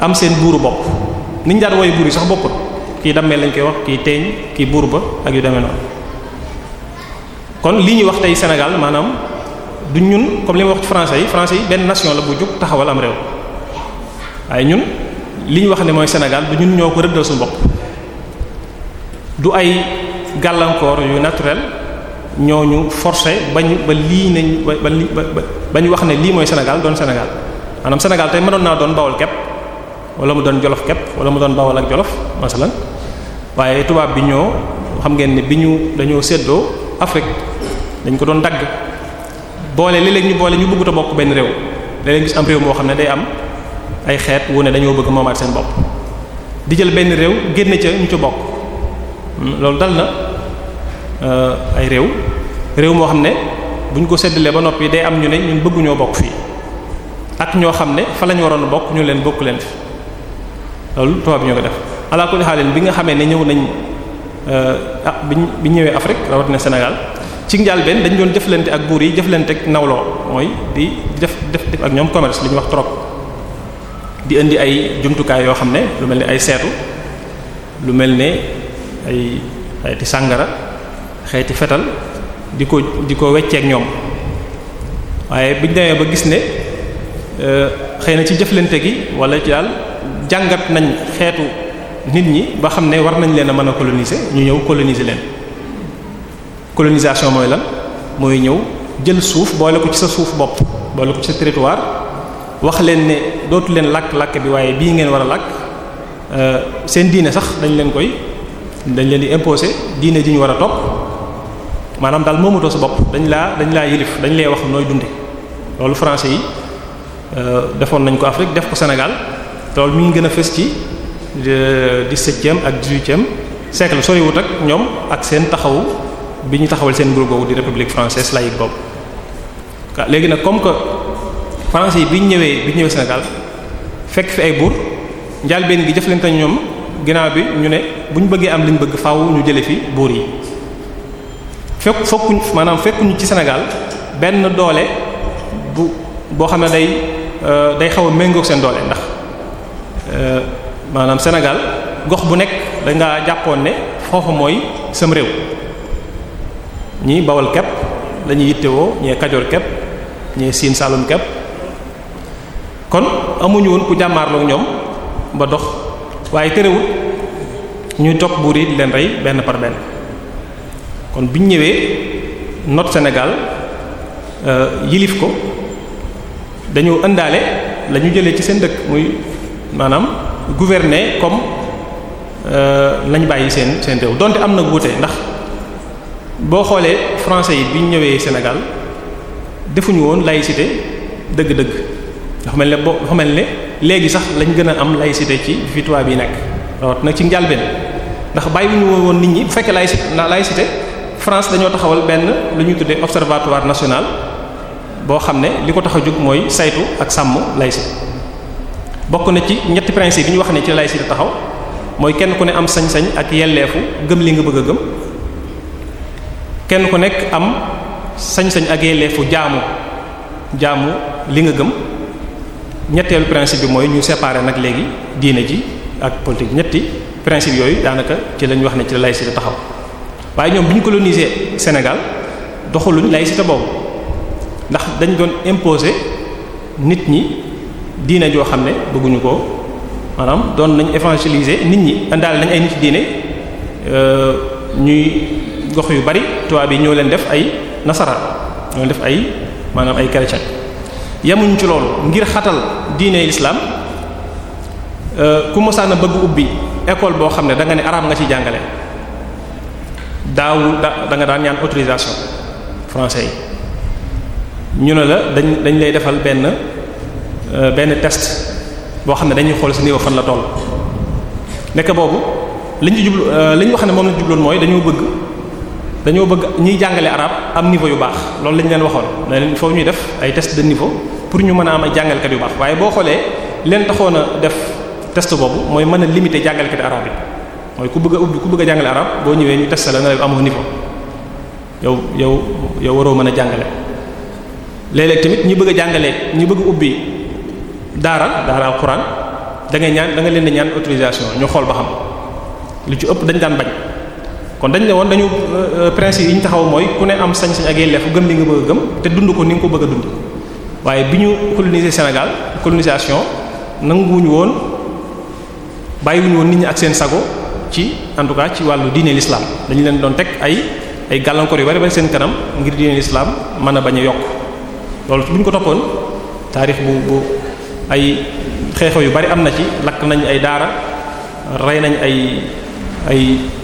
am seen buuru bopp ni ñu daan wooye buur yi sax bokkut kii dammeel lañ koy wax ki teeñ kii buur ba ak yu demee noonu kon lii ñuy wax tey Sénégal maanaam du ñun comme li wax ci français yi français nation la bu jug taxawal am réew waaye wax ne mooy Sénégal du ñun ñoo ko rëddal suñu bopp du ay gàllankoor yu naturel ñoo ñu bañ ba lii nañ ba ba ba ñu wax ne lii mooy Sénégal doon Sénégal maanaam Sénégal tey mënoon naa doon Bawol képp wala mu doon jolof kepp wala mu doon bawal ak jolof masalan waaye tubaab bi ñoo xam ngeen ne bi ñu dañoo seddoo Afrique dañ ko doon dagg boole léeg-léeg ñu boole ñu bëgguta a bokk benn réew léeg-léeg gis am réew moo xam ne day am ay xeet wu ne dañoo bëgg moomaat seen bopp di jël benn réew génn ca ñu ca bokk hmm, loolu dal na euh, ay réew réew moo xam ne bu ko séddalee ba noppi day am ñu ne ñun bëgguñoo bokk fii ak ñoo xam ne fa lañu waroon bokk ñu leen bokk leen loolu tubaab bi ñoo ko def ala kulli xaalin bi nga xamee ne ñëw nañ euh, ah bi ñëwee Afrique rawatina Sénégal ci njàlbeen dañ doon jëflante ak buur yi jëflante ak nawloo mooy di def def def ak ñoom commerce lu ñuy wax trop di indi ay jumtukaay yoo xam ne lu mel ne ay seetu lu mel ne ay xeeti sàngara xeeti fetal di ko di ko wecceek ñoom waaye bi demee ba gis ne euh, xëy na ci jëflante gi wala ci daal jàngat nañ xeetu nit ñi ba xam ne war nañ leen a mën a coloniser ñu ñëw coloniser leen colonisation mooy lan mooy ñëw jël suuf boole ko ci sa suuf bopp boole ko ci sa territoire wax leen ne dootu leen làkk-làkk bi waaye bii ngeen war a làkk euh, seen diine sax dañ leen koy dañ leen di imposer diine ji ñu war a topp maanaam daal moomatoo sa bopp dañ laa dañ laa yilif dañ lay wax nooy dunde loolu français yi euh, defoon nañ ko Afrique def ko Sénégal loolu mi ngi gën a fës ci euh, dix-septième ak dix-huitième siècle soriwut ak ñoom ak seen taxawu bi ñu taxawal seen bureau boobu di république française lay boobu. léegi nag comme que français yi bi ñu ñëwee bi ñu ñëwee Sénégal fekk fi ay buur njaal benn gi jëflante ñoom ginnaaw bi ñu ne bu ñu bëggee am liñ bëgg faw ñu jëlee fi buur yi fekk fokkuñ maanaam fekkuñu ci senegal benn doole bu boo xam ne day euh, day xaw a méngoog seen doole ndax. Euh, maanaam Sénégal gox bu nekk danga ngaa jàppoon ne foofa mooy sam réew ñii bawal kepp la ñuy yittewoo ñee kajoor kepp ñee siin saalum kepp kon amuñu woon ku jàmmaarloog ñoom ba dox waaye terewul ñuy topp buur yi leen rey benn par benn kon biñ ñëwee not Sénégal euh, yilif ko dañoo ëndaale la ñu jëlee ci seen dëkk muy maanaam gouverner comme euh, lañ bàyyi seen seen réew donte am na wuute ndax boo xoolee français yi bi ñu ñëwee Sénégal defuñu woon laïcité dëgg-dëgg dafa mel ne boo dafa mel ne léegi sax lañ gën a am laïcité ci fi bi yi nekk rawat na ci njàlbeen ndax bàyyi bu ñu woon nit ñi bu fekkee laïcité laïcité France dañoo taxawal benn lu ñuy tuddee observatoire national boo xam ne li ko tax a jóg mooy saytu ak sàmm laïcité bokk na ci ñetti principe yi ñu wax ne ci laïcité taxaw mooy kenn ku ne am sañ-sañ ak yelleefu gëm li nga bëgg a gëm kenn ku nekk am sañ-sañ ak yelleefu jaamu jaamu li nga gëm ñetteelu principe bi mooy ñu séparer nag léegi diine ji ak politique ñetti principe yooyu daanaka ci lañ wax ne ci la laïcité taxaw waaye ñoom bi ñu colonisé Sénégal doxaluñ laïcité boobu ndax dañ doon imposer nit ñi. diine joo xam ne bëgguñu ko maanaam doon nañ évangéliser nit ñi indaale nañ ay nit diine euh, ñuy gox yu bari tubaab bii ñoo leen def ay nasara ñoo leen def ay maanaam ay chrétien yemuñ ci loolu ngir xatal diine l'islam euh, ku mosaan a bëgg ubbi école boo xam ne danga ne arabe nga ci jàngale daawul da da daan ñaan autorisation français yi ñu ne la dañ dañ lay defal benn Euh, benn test boo xam ne dañuy xool sa niveau fan la toll nekk boobu li ñu jublu euh, li ñu wax ne moom lañu jubloon mooy dañoo bëgg dañoo bëgg ñiy jàngale arab am niveau yu baax loolu lañu leen waxoon ne leen foofu ñuy def ay test de niveau pour ñu mën a am ay jàngalekat yu baax waaye boo xoolee leen taxoon a def test boobu mooy mën a limiter jàngalekat arab yi mooy ku bëgg a ubbi ku bëgg a jàngale arab boo ñëwee ñu test la nga la amoo niveau yow yow waroo mën a jàngale léeg tamit ñi jàngale ñi bëgg ubbi daara daara alxuraan da dangay ñaan da nga leen di ñaan autorisation ñu xool ba xam lu ci ëpp dañ daan bañ kon dañ ne woon dañu euh, euh, principe yi ñu taxaw mooy ku ne am sañ-sañ ak yelleef gëm li nga bëgg a gëm te dund ko ni nga ko bëgg a dund waaye bi ñu coloniser Sénégal colonisation nanguwuñu woon bàyyiwuñu woon nit ñi ak seen sago ci en tout cas ci wàllu diine lislaam dañu leen doon teg ay ay gàllankoor yu bari bari seen kanam ngir diine l'islam mën a bañ a yokk loolu ay xeexew yu bari am na ci lakk nañ ay daara rey nañ ay ay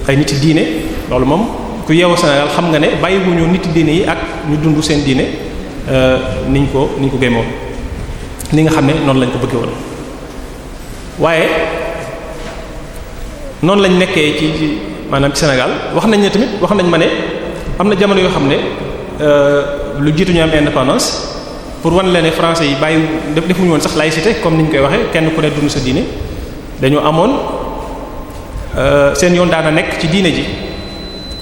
ay nit diine loolu moom ku yeewu Sénégal xam nga ne bu ñu nit diine yi ak ñu dund seen diine euh, niñ ko niñ ko gémmoon ni nga xam ne noonu lañ ko bëggee woon waaye noonu lañ nekkee ci ci maanaam ci Sénégal wax nañ ne tamit wax nañ ma ne am na jamono yoo xam ne euh, lu jiitu ñu am indépendance pour wan la ne yi bàyyi def defuñu woon sax laïcité comme ni ñu koy waxee kenn ku ne dund sa diine dañoo amoon euh, seen yoon daana nekk ci diine ji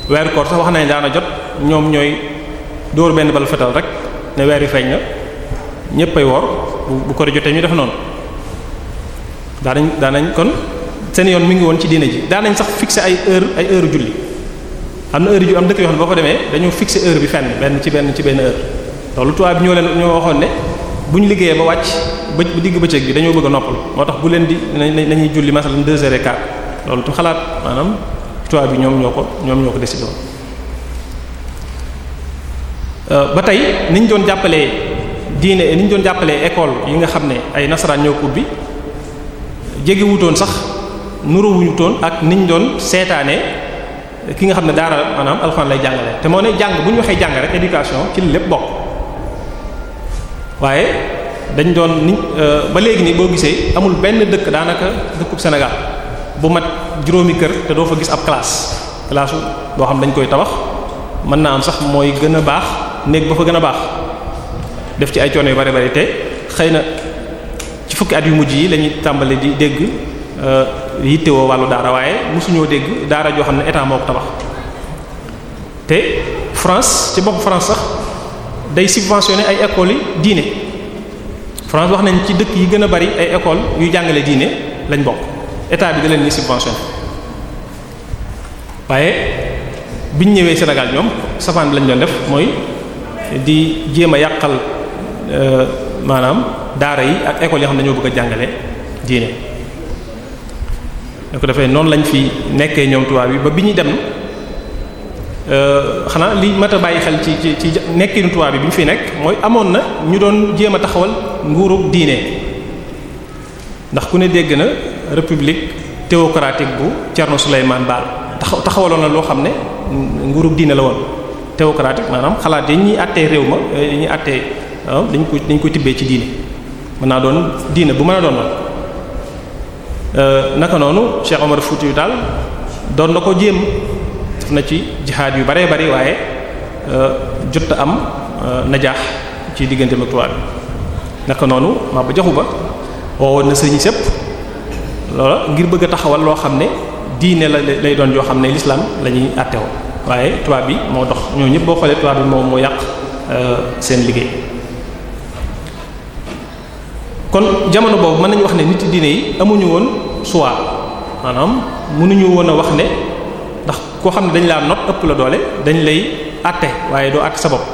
weeru koor sax wax nañ daana jot ñoom ñooy dóor benn bal fetal rek ne weer feeñ na ñéppay woor bu ko jotee ñu def noonu daanañ daanañ kon seen yoon mi ngi woon ci diine ji daanañ sax fixer ay heure ay heure julli am na heure ju am dëkk yoo xam ne boo fa demee dañoo fixer heure bi fenn benn ci benn ci benn loolu tubaab bi ñoo leen ñoo waxoon ne bu ñu liggéeyee ba wàcc ba digg bëccëg bi dañoo bëgg noppal moo tax bu leen di nañuy julli masalan deux heures et quart loolu tu xalaat maanaam tubaab bi ñoom ko ñoom ñoo ko décidé woon euh, ba tey niñ doon jàppalee diine niñ doon jàppalee école yi nga xam ne ay nasaraan ñoo ko bi jegewutoon sax sax nuróowutoon ak ni ñu doon seetaanee ki nga xam ne daara maanaam alxuraan lay jàngale te moo ne jàng bu ñu waxee jàng rek éducation ci lépp bokk waaye dañ doon ni euh, ba léegi nii boo gisee amul benn dëkk daanaka dëkkub Sénégal bu mat juróomi kër te doo fa gis ab classe classe boo xam dañ koy tabax mën naa am sax mooy gën a baax néeg ba fa gën a baax def ci ay coono yu bari bari te xëy na ci fukki at yu mujj yi lañuy tàmbali di dégg euh, yittewoo wàllu daara waaye mosuñoo dégg daara joo xam ne état moo ko tabax te France ci bopp France sax day subventionné ay écoles yi diine France wax nañ ci dëkk yi gën a bari ay écoles yuy jàngale diine lañ bokk état bi da leen di subventionné waaye biñ ñëwee Sénégal ñoom safaan bi lañ doon def mooy di jéem a yàqal euh, maanaam daara yi ak écoles yoo xam nañoo bëgg a jàngale diine. da ko defee noonu lañ fi nekkee ñoom tubaab yi ba bi ñuy dem. Euh, xanaa li mat a bàyyi xel ci ci ci nekkinu tubaab bi bi ñu fi nekk mooy amoon na ñu doon jéem a taxawal nguurug diine ndax ku ne dégg na république théocratique bu Thierno Souleymane Baal taxaw taxawaloon na loo xam ne nguurug diine la woon théocratique maanaam xalaat yi ñuy àttee réew ma euh, yi ñuy àttee euh, dañ ko dañ ko tibbee ci diine mën naa doon diine bu mën a doon naka noonu Cheikh Omar Foutiyou Tall doon na ko jéem def na ci jihaad yu baree bari waaye euh, jot am euh, najaax ci diggante mag tubaab bi naka noonu maa ba jaxu ba woon na sëriñ sépp loola ngir bëgg a taxawal loo xam ne diine la lay doon joo xam ne l'islam la ñuy àtteewoo waaye tubaab bi moo dox ñoo ñëpp xoole xoolee tubaab bi moom moo yàq euh, seen liggéey kon jamono boobu mën nañu wax ne nit diine yi amuñu woon choix maanaam mënuñu woon wax ne koo xam ne dañ laa not ëpp la doole dañ lay àtte waaye doo àtte sa bopp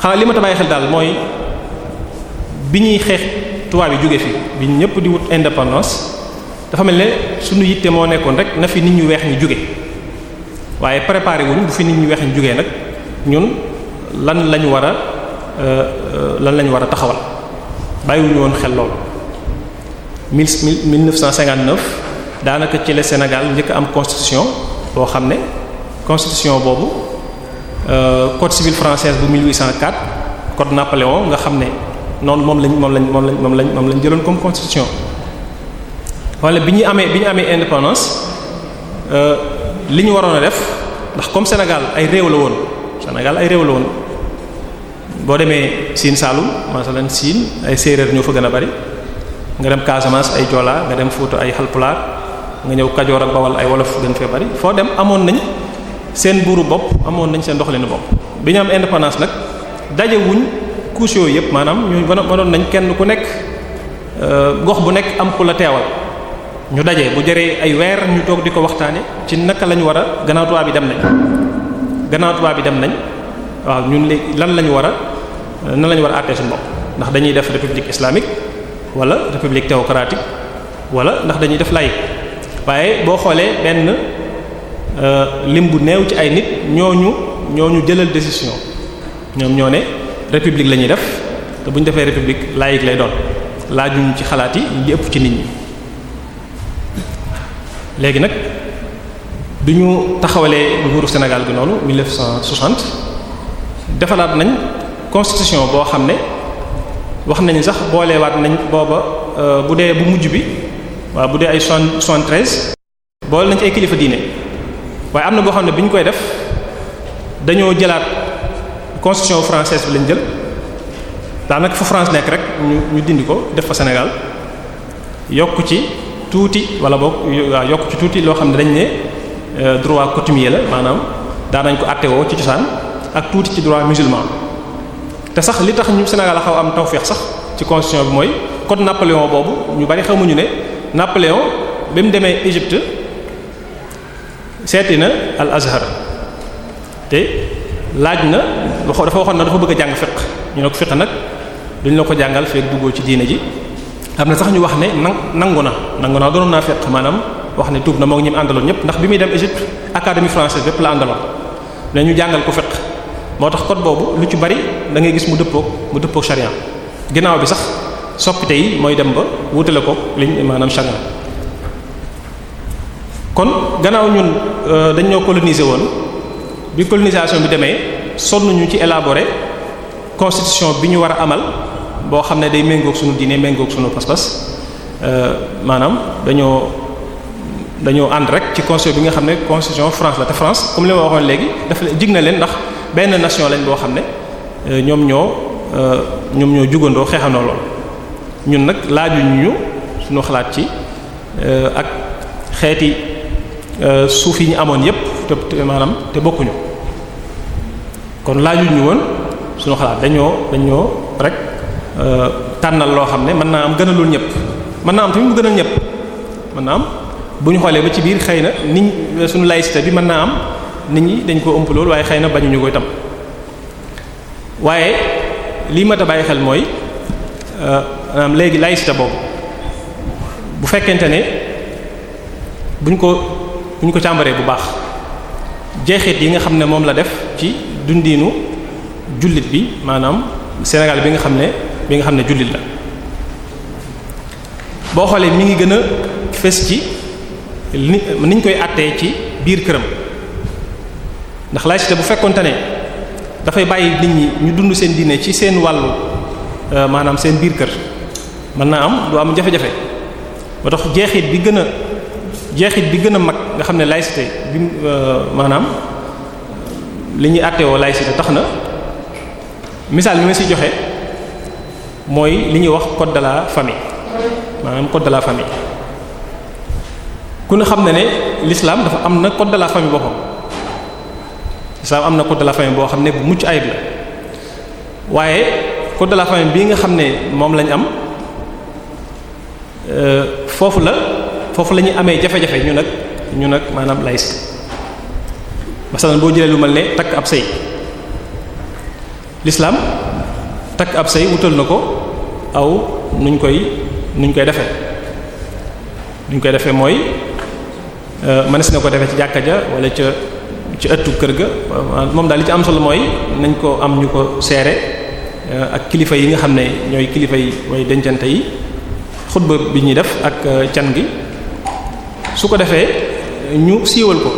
xanaa li ma tabaay xel daal mooy bi ñuy xeex tubaab yi jóge fi bi ñëpp di wut indépendance dafa mel ne suñu yitte moo nekkoon rek na fi nit ñu weex ñu jóge waaye préparé wuñ bu fi nit ñu weex ñu jógee nag ñun lan lañu war a euh, lan lañu war a taxawal bàyyiwuñu woon xel lool 1959 daanaka ci la Sénégal njëkk am constitution boo xam ne constitution boobu euh, code civil français bu 1804 code Napoléon nga xam ne noonu moom lañ moom lañ moom lañ moom lañ moom lañ jëloon comme constitution wala bi ñu amee bi ñu amee indépendance euh, li ñu waroon a def ndax comme Sénégal ay réew la woon Sénégal ay réew la woon boo demee Sine Saalum masalan Sine ay séeréer ñoo fa gën a bari nga dem Casamance ay Joola nga dem Fuuta ay Halpulaar nga ñëw kajoor ak bawal ay wolof gën fee bari foo dem amoon nañ seen buuru bopp amoon nañ seen doxalinu bopp bi ñu am indépendance nag daje wuñ couches yooyu yëpp maanaam ñu mënoon nañ kenn ku nekk euh, gox bu nekk am ku la teewal ñu daje bu jëree ay weer ñu toog di ko waxtaane ci naka lañu war a gannaaw tubaab bi dem nañ gannaaw bi dem nañ waaw ñun léegi lan lañu war a nan lañu war a àttee suñu ndax dañuy def république islamique wala république théocratique wala ndax dañuy def laïque waaye boo xoolee benn euh, lim bu néew ci ay nit ñooñu ñooñu jëlal décision ñoom ñoo ne république la ñuy def te bu ñu defee république laïque lay doon laajuñ ci xalaat yi li ëpp ci nit ñi léegi nag bi ñu taxawalee nguuru Sénégal bi noonu 1960 defalaat nañ constitution boo xam ne wax nañu sax booleewaat nañ booba euh, bu dee bu mujj bi waa bu dee ay soixante soixante treize boole nañ ci ay kilifa diine waaye am na boo xam ne bi ñu koy def dañoo jëlaat constitution française bi lañ jël daanaka fu France nekk rek ñu dindi ko def fa Sénégal yokk ci tuuti wala boog waaw yokk ci tuuti loo xam ne dañ ne euh, droit cotumier la maanaam daanañ ko àttewoo ci cosaan ak tuuti ci droit musulman te sax li tax ñu Sénégal xaw am tawfeex sax ci constitution bi mooy code Napoléon boobu ñu bari xamuñu ne. Napoléon bi mu demee Égypte seeti na al Azhar te laaj na dafa waxoon na dafa bëgg a jàng fiqh ñu ne ko fiqh nag duñ la ko jàngal feek duggoo ci diine ji am na sax ñu wax ne nangu na nangu naa doon naa fiqh maanaam wax ne tuub na moo ngi ñim àndaloon ñëpp ndax bi muy dem Égypte académie française bépp la àndaloon ne ñu jàngal ko fiqh moo tax code boobu lu ci bari da ngay gis mu dëppook mu dëppook sharia ginnaaw bi sax soppite yi mooy dem ba la ko liñ maanaam la kon gannaaw ñun euh, dañ ñoo coloniser woon bi colonisation bi demee sonn ñu ci élaborer constitution bi ñu war a amal boo xam ne day méngoog sunu diine méngoog sunu pas-pas euh, maanaam dañoo dañoo ànd rek ci constitution bi nga xam ne constitution France la te France comme li ma waxoon léegi dafa jig na leen ndax benn nation lañ boo xam ne euh, ñoom ñoo ñoom ñoo jugandoo xeexandoo lool. ñun nag laajuñu ñu suñu xalaat ci euh, ak xeeti euh, suuf yi ñu amoon yépp te te maanaam te bokkuñu kon laajuñu woon suñu xalaat dañoo dañoo rek euh, tànnal loo xam ne mën naa am gënalul ñépp mën naa am tamit mu gënal ñépp mën naa am bu ñu xoolee ba ci biir xëy na niñ suñu laïcité bi mën naa am nit ñi dañ ko ëmp lool waaye xëy na bañuñu koy tam waaye lii ma ta bàyyi xel mooy maanaam euh, léegi laïcité boobu bu fekkente ne buñ ko buñ ko càmbaree bu baax jeexit yi nga xam ne moom la def ci dundiinu jullit bi maanaam Sénégal bi nga xam ne bi nga xam ne jullit la boo xoolee mi ngi gën a fes ci ni niñ koy àttee ci biir këram ndax laïcité bu fekkonte ne dafay bàyyi nit ñi ñu dund seen diine ci seen wàllu euh, maanaam seen biir kër man naa am du am jafe-jafe ba tax jeexit bi gën a jeexit bi gën a mag nga xam ne laïcité bi euh, maanaam li ñuy àtteewoo laïcité tax na misaal bi ma ci joxe mooy li ñuy wax code de la famille maanaam code de la famille ku ne xam ne ne lislaam dafa am na code de la famille boppam l'islam am na code de boo xam ne bu mucc ayib la waaye code de la famille bii nga xam ne moom lañ am Euh, foofu la foofu lañuy amee jafe-jafe ñu nag ñu nag maanaam laïcité masalan boo jëlee lu mel ne takk ab sëy lislaam takk ab sëy wutal na ko aw nuñ koy nuñ koy defee nuñ koy defee mooy euh, mënees na ko defee ci jàkka ja wala ca ci ëttu kër ga moom daal li ci am solo mooy nañ ko am ñu ko seere euh, ak kilifa yi nga xam ne ñooy kilifa yi way dencante yi xutba bi ñuy def ak euh, can gi su ko defee ñu siiwal ko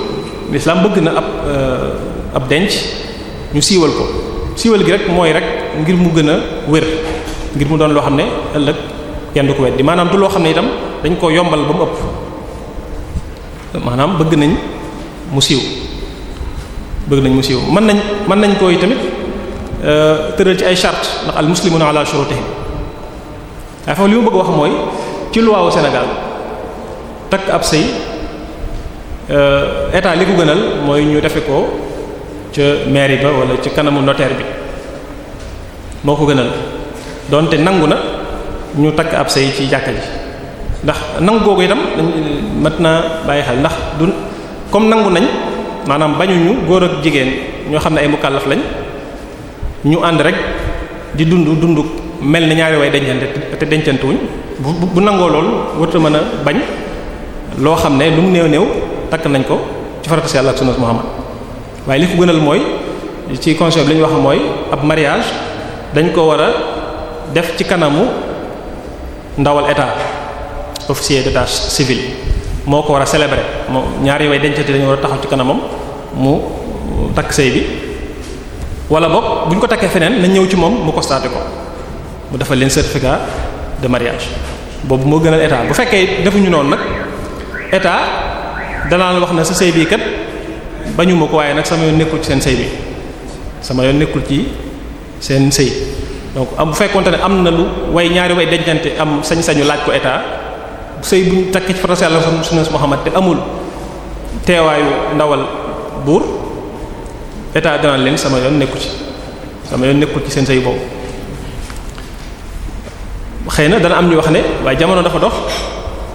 lislaam bëgg na ab euh, ab denc ñu siiwal ko siiwal gi rek mooy rek ngir mu gën a wér ngir mu doon loo xam ne ëllëg kenn du ko weddi maanaam du loo xam ne itam dañ koo yombal ba mu ëpp maanaam bëgg nañ mu siiw bëgg nañ mu siiw mën nañ mën nañ koy tamit euh, tëral ci ay charte ndax al muslimuna ala shurutihim en fait li mu bëgg wax mooy ci loi wu takk ab sëy euh, état li ko gënal mooy ñu defe ko ca mairie ba wala ci kanamu notaire bi moo ko gënal donte nangu na ñu takk ab sëy ci jàkka ji ndax nangu googu itam mat naa bàyyi xel ndax du comme nangu nañ maanaam bañuñu góor ak jigéen ñoo xam ne ay mukallaf lañ ñu ànd rek di dundu dund mel ni ñaari way dencante te dencantuwuñ bu bu nangoo loolu warta mën a bañ loo xam ne lu mu néew néew takk nañ ko ci farata si Yàlla ak Muhammad waaye li ko gënal mooy ci conseil bi li ñu wax mooy ab mariage dañ ko war a def ci kanamu ndawal état officier d'état civil moo ko war a célébrer moo ñaari way dencante dañu war a taxaw ci kanamam mu takk sëy bi wala boog bu ñu ko takkee feneen nañ ñëw ci moom mu constaté ko mu defal leen certificat de mariage boobu moo gënal état bu fekkee defuñu noonu nag état danaa la wax na sa sëy bi kat bañu ma ko waaye nag sama yoon nekkul ci seen sëy bi sama yoon nekkul ci seen sëy donc am bu fekkonte ne am na lu way ñaari way dencante am sañ-sañu laaj ko état sëy bu ñu takk ci farata yàlla sunna Muhammad te amul teewaayu ndawal buur état danaa leen sama yoon nekku ci sama yoon nekkul ci seen sëy boobu xëy na dana am ñu wax ne waaye jamono dafa dox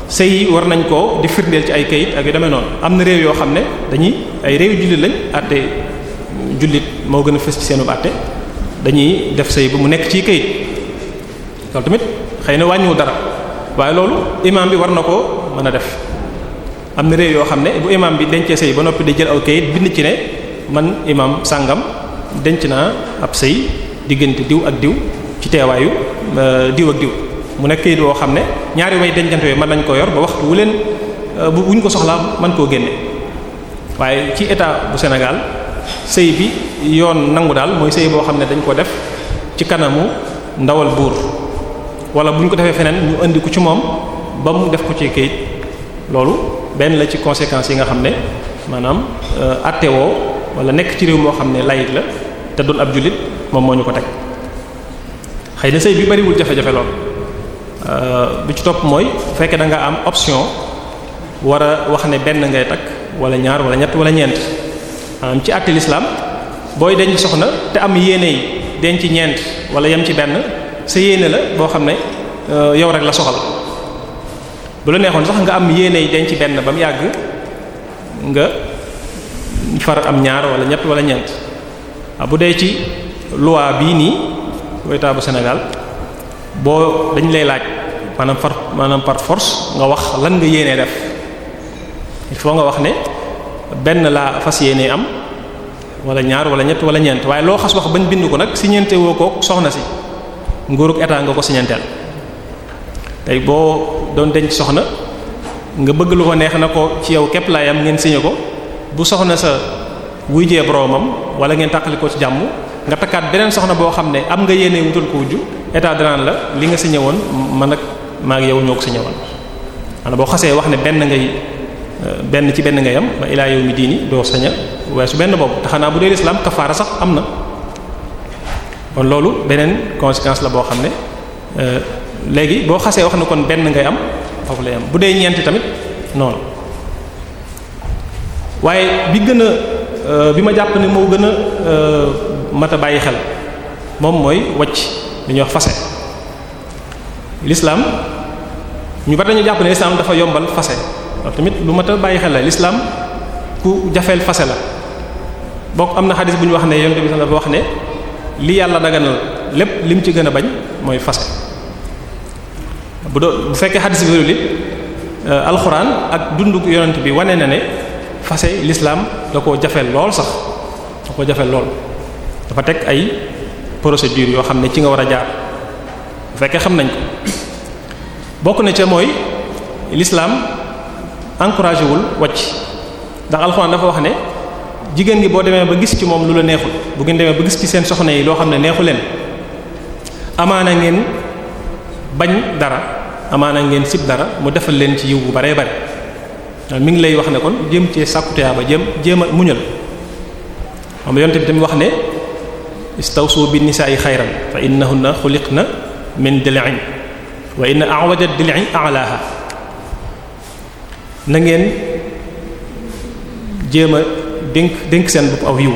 sëy yi war nañ koo di firndeel ci ay kayit ak yu demee noonu am na réew yoo xam ne dañuy ay réew jullit lañ àtte jullit moo gën a fës ci seenu àtte dañuy def sëy bu mu nekk ci kayit loolu tamit xëy na wàññiwu dara waaye loolu imaam bi war na koo mën a def am na réew yoo xam ne bu imaam bi dencee sëy ba noppi di jël aw kayit bind ci ne man imam sàngam denc naa ab sëy diggante diw ak diw ci teewaayu euh, diw ak diw mu nekk kayit woo xam ne ñaari way dencante yooyu man nañ ko yor ba waxtu wu leen euh, bu buñ ko soxlaa man koo génne waaye ci état bu Sénégal sëy bi yoon nangu daal mooy sëy boo xam ne dañ ko def ci kanamu ndawal buur wala buñ ko defee feneen ñu indi ku ci moom ba mu def ko ci kayit loolu benn la ci conséquences yi nga xam ne maanaam àtte euh, woo wala nekk ci réew moo xam ne layit la te doon ab jullit moom moo ñu ko teg xëy na sëy bi bariwul jafe-jafe Euh, bu ci topp mooy bu fekkee da nga am option war a wax ne benn ngay takk wala ñaar wala ñett walla ñeent maanaam ci àtte booy denc soxna te am yéene yi denc ñeent wala yem ci benn sa yéene la boo xam ne euh, yow rek la soxal bu la neexoon nga am yéene yi denc benn ba mu yàgg nga far am ñaar wala ñett ñeent ah, bu dee ci loi bii nii état bu Sénégal. boo dañ lay laaj maanaam par maanaam par force nga wax lan nga yéenee def il faut nga wax ne benn laa fas yéenee am wala ñaar wala ñett wala ñeent waaye loo xas wax bañ bind ko nag si woo ko soxna si nguurug état nga ko siñenteel tey boo doon denc soxna nga bëgg lu ko neex na ko ci yow képp laay am ngeen signé ko bu soxna sa wuy jee boromam wala ngeen tàqali ko ci jàmm nga takkaat beneen soxna boo xam ne am nga yéene wutal ko wujju état danaan la li nga signé woon man ak maa ngi yow ñoo ko signé woon maanaam boo xasee wax ne benn ngay euh, benn ci benn ngay am ba ilaa yow mi diini doo sañ a waaye su benn boobu taxanaa bu dee lislaam kafaara sax am na kon loolu beneen conséquence la boo xam ne euh, léegi boo xasee wax ne kon benn ngay am foofu lay am bu dee ñeenti tamit noonu waaye bi gën a euh, bi ma jàpp ne moo gën a mat a bàyyi xel moom mooy wacc li ñuy wax fase lislaam ñu bari dañu jàpp ne l'islam dafa yombal fase tamit lu mat a bàyyi xel la l'islam ku jafeel fase la bokk am na xadis bu ñu wax ne yonent bi dafa wax ne li yàlla daganal lépp lim ci gën a bañ mooy fase bu doo bu fekkee xadis bi wérul it euh, alxuraan ak dundu yonent bi wane na ne fase lislaam da koo jafeel lool sax da koo jafeel lool dafa teg ay procédure yoo xam ne ci nga war a jaar bu fekkee xam nañ ko bokk na ca mooy lislaam encouragé wul wàcc ndax alxuraan dafa wax ne jigéen gi boo demee ba gis ci moom lu la neexul bu ngeen demee ba gis ci seen soxna yi loo xam ne neexu leen amaana ngeen bañ dara amaana ngeen sib dara mu defal leen ci yiw bu baree bare mi ngi lay wax ne kon jéem cee sàkku tuyaaba jëm jéem a muñal moom yonent bi tamit wax ne istawsu bi nisaa'i xayran fa innahunna xuliqna min dil'in wa inna a'waja dil'i a'laha na ngeen jéem a dénk dénk seen bopp aw yiw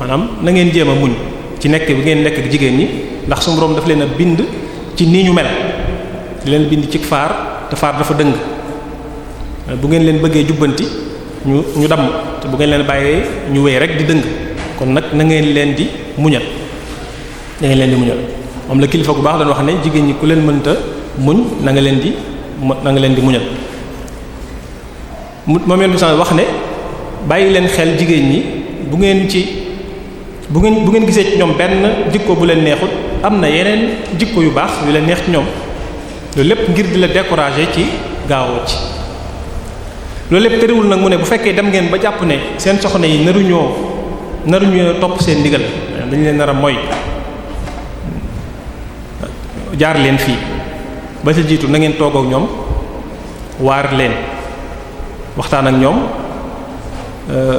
maanaam na ngeen jéem a muñ ci nekk bi ngeen nekk ak jigéen ñi ndax suñu borom daf leen a bind ci nii ñu mel leen bind ci faar te faar dafa dëng bu ngeen leen bëggee jubbanti ñu ñu damm te bu ngeen leen bàyyee ñu wéy rek di dëng kon nag na ngeen leen di muñal da ngeen leen di muñal moom la kilifa gu baax dañ wax ne jigéen ñi ku leen mënta muñ na nga leen di na nga leen di muñal moom yenn saa wax ne bàyyi leen xel jigéen ñi bu ngeen ci bu ngeen bu ngeen gisee ci ñoom benn jikko bu leen neexul am na yeneen jikko yu baax yu leen neex ci ñoom loolu lépp ngir di la décourager ci gaawoo ci loolu lépp tëriwul nag mu ne bu fekkee dem ngeen ba jàpp ne seen soxna yi naruñoo naruñoo topp seen ndigal dañ leen nar mooy jaar leen fii ba ci jiitu na ngeen ak ñoom waar leen waxtaan ak ñoom euh,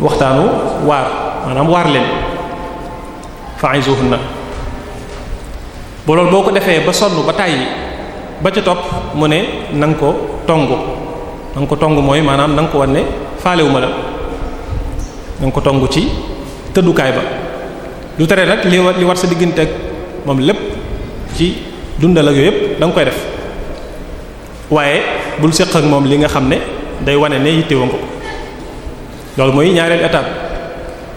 waxtaanu waar maanaam waar leen fa'izuhunna na loolu boo ko defee ba sonn ba tàyyi ba ca topp mu ne na nga ko tongu na ko tongu mooy maanaam na ko wan ne faalewuma la na ko tongu ci tëddukaay ba du tere nag li war li war sa diggante ak moom lépp ci dundal ak yooyu yëpp da koy def waaye bul séq ak moom li nga xam ne day wane ne yittewoo ko loolu mooy ñaareelu étape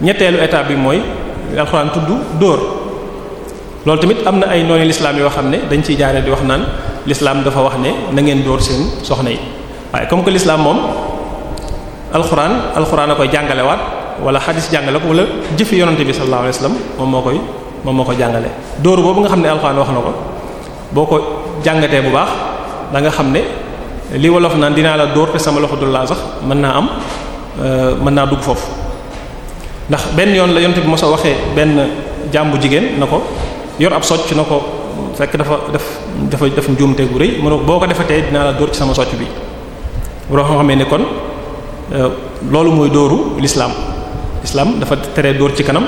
ñetteelu étape bi mooy alxuraan tudd dóor loolu tamit am na ay noone lislaam yoo xam ne dañ ciy jaaree di wax naan lislaam dafa wax ne na ngeen dóor seen soxna yi waaye comme que lislaam moom alxuraan alxuraan a koy jàngalewaat wala xadis jàngale ko wala jëfi yonante bi sallallahu alayhi moom moo koy moom moo ko jàngale dóoru boobu nga xam ne alxuraan wax na ko boo ko jàngatee bu baax da nga xam ne li wolof naan dinaa la dóor te sama loxo du laa sax mën naa am euh, mën naa dugg foofu ndax benn yoon la yonante bi moso waxee benn jàmbu jigéen na ko yor ab socc na ko fekk dafa def dafa def njuumte gu rëy mën boo ko defatee dinaa la dóor ci sama socc bi boo xam ne kon euh, loolu mooy dóoru l'islam islam dafa tere dóor ci kanam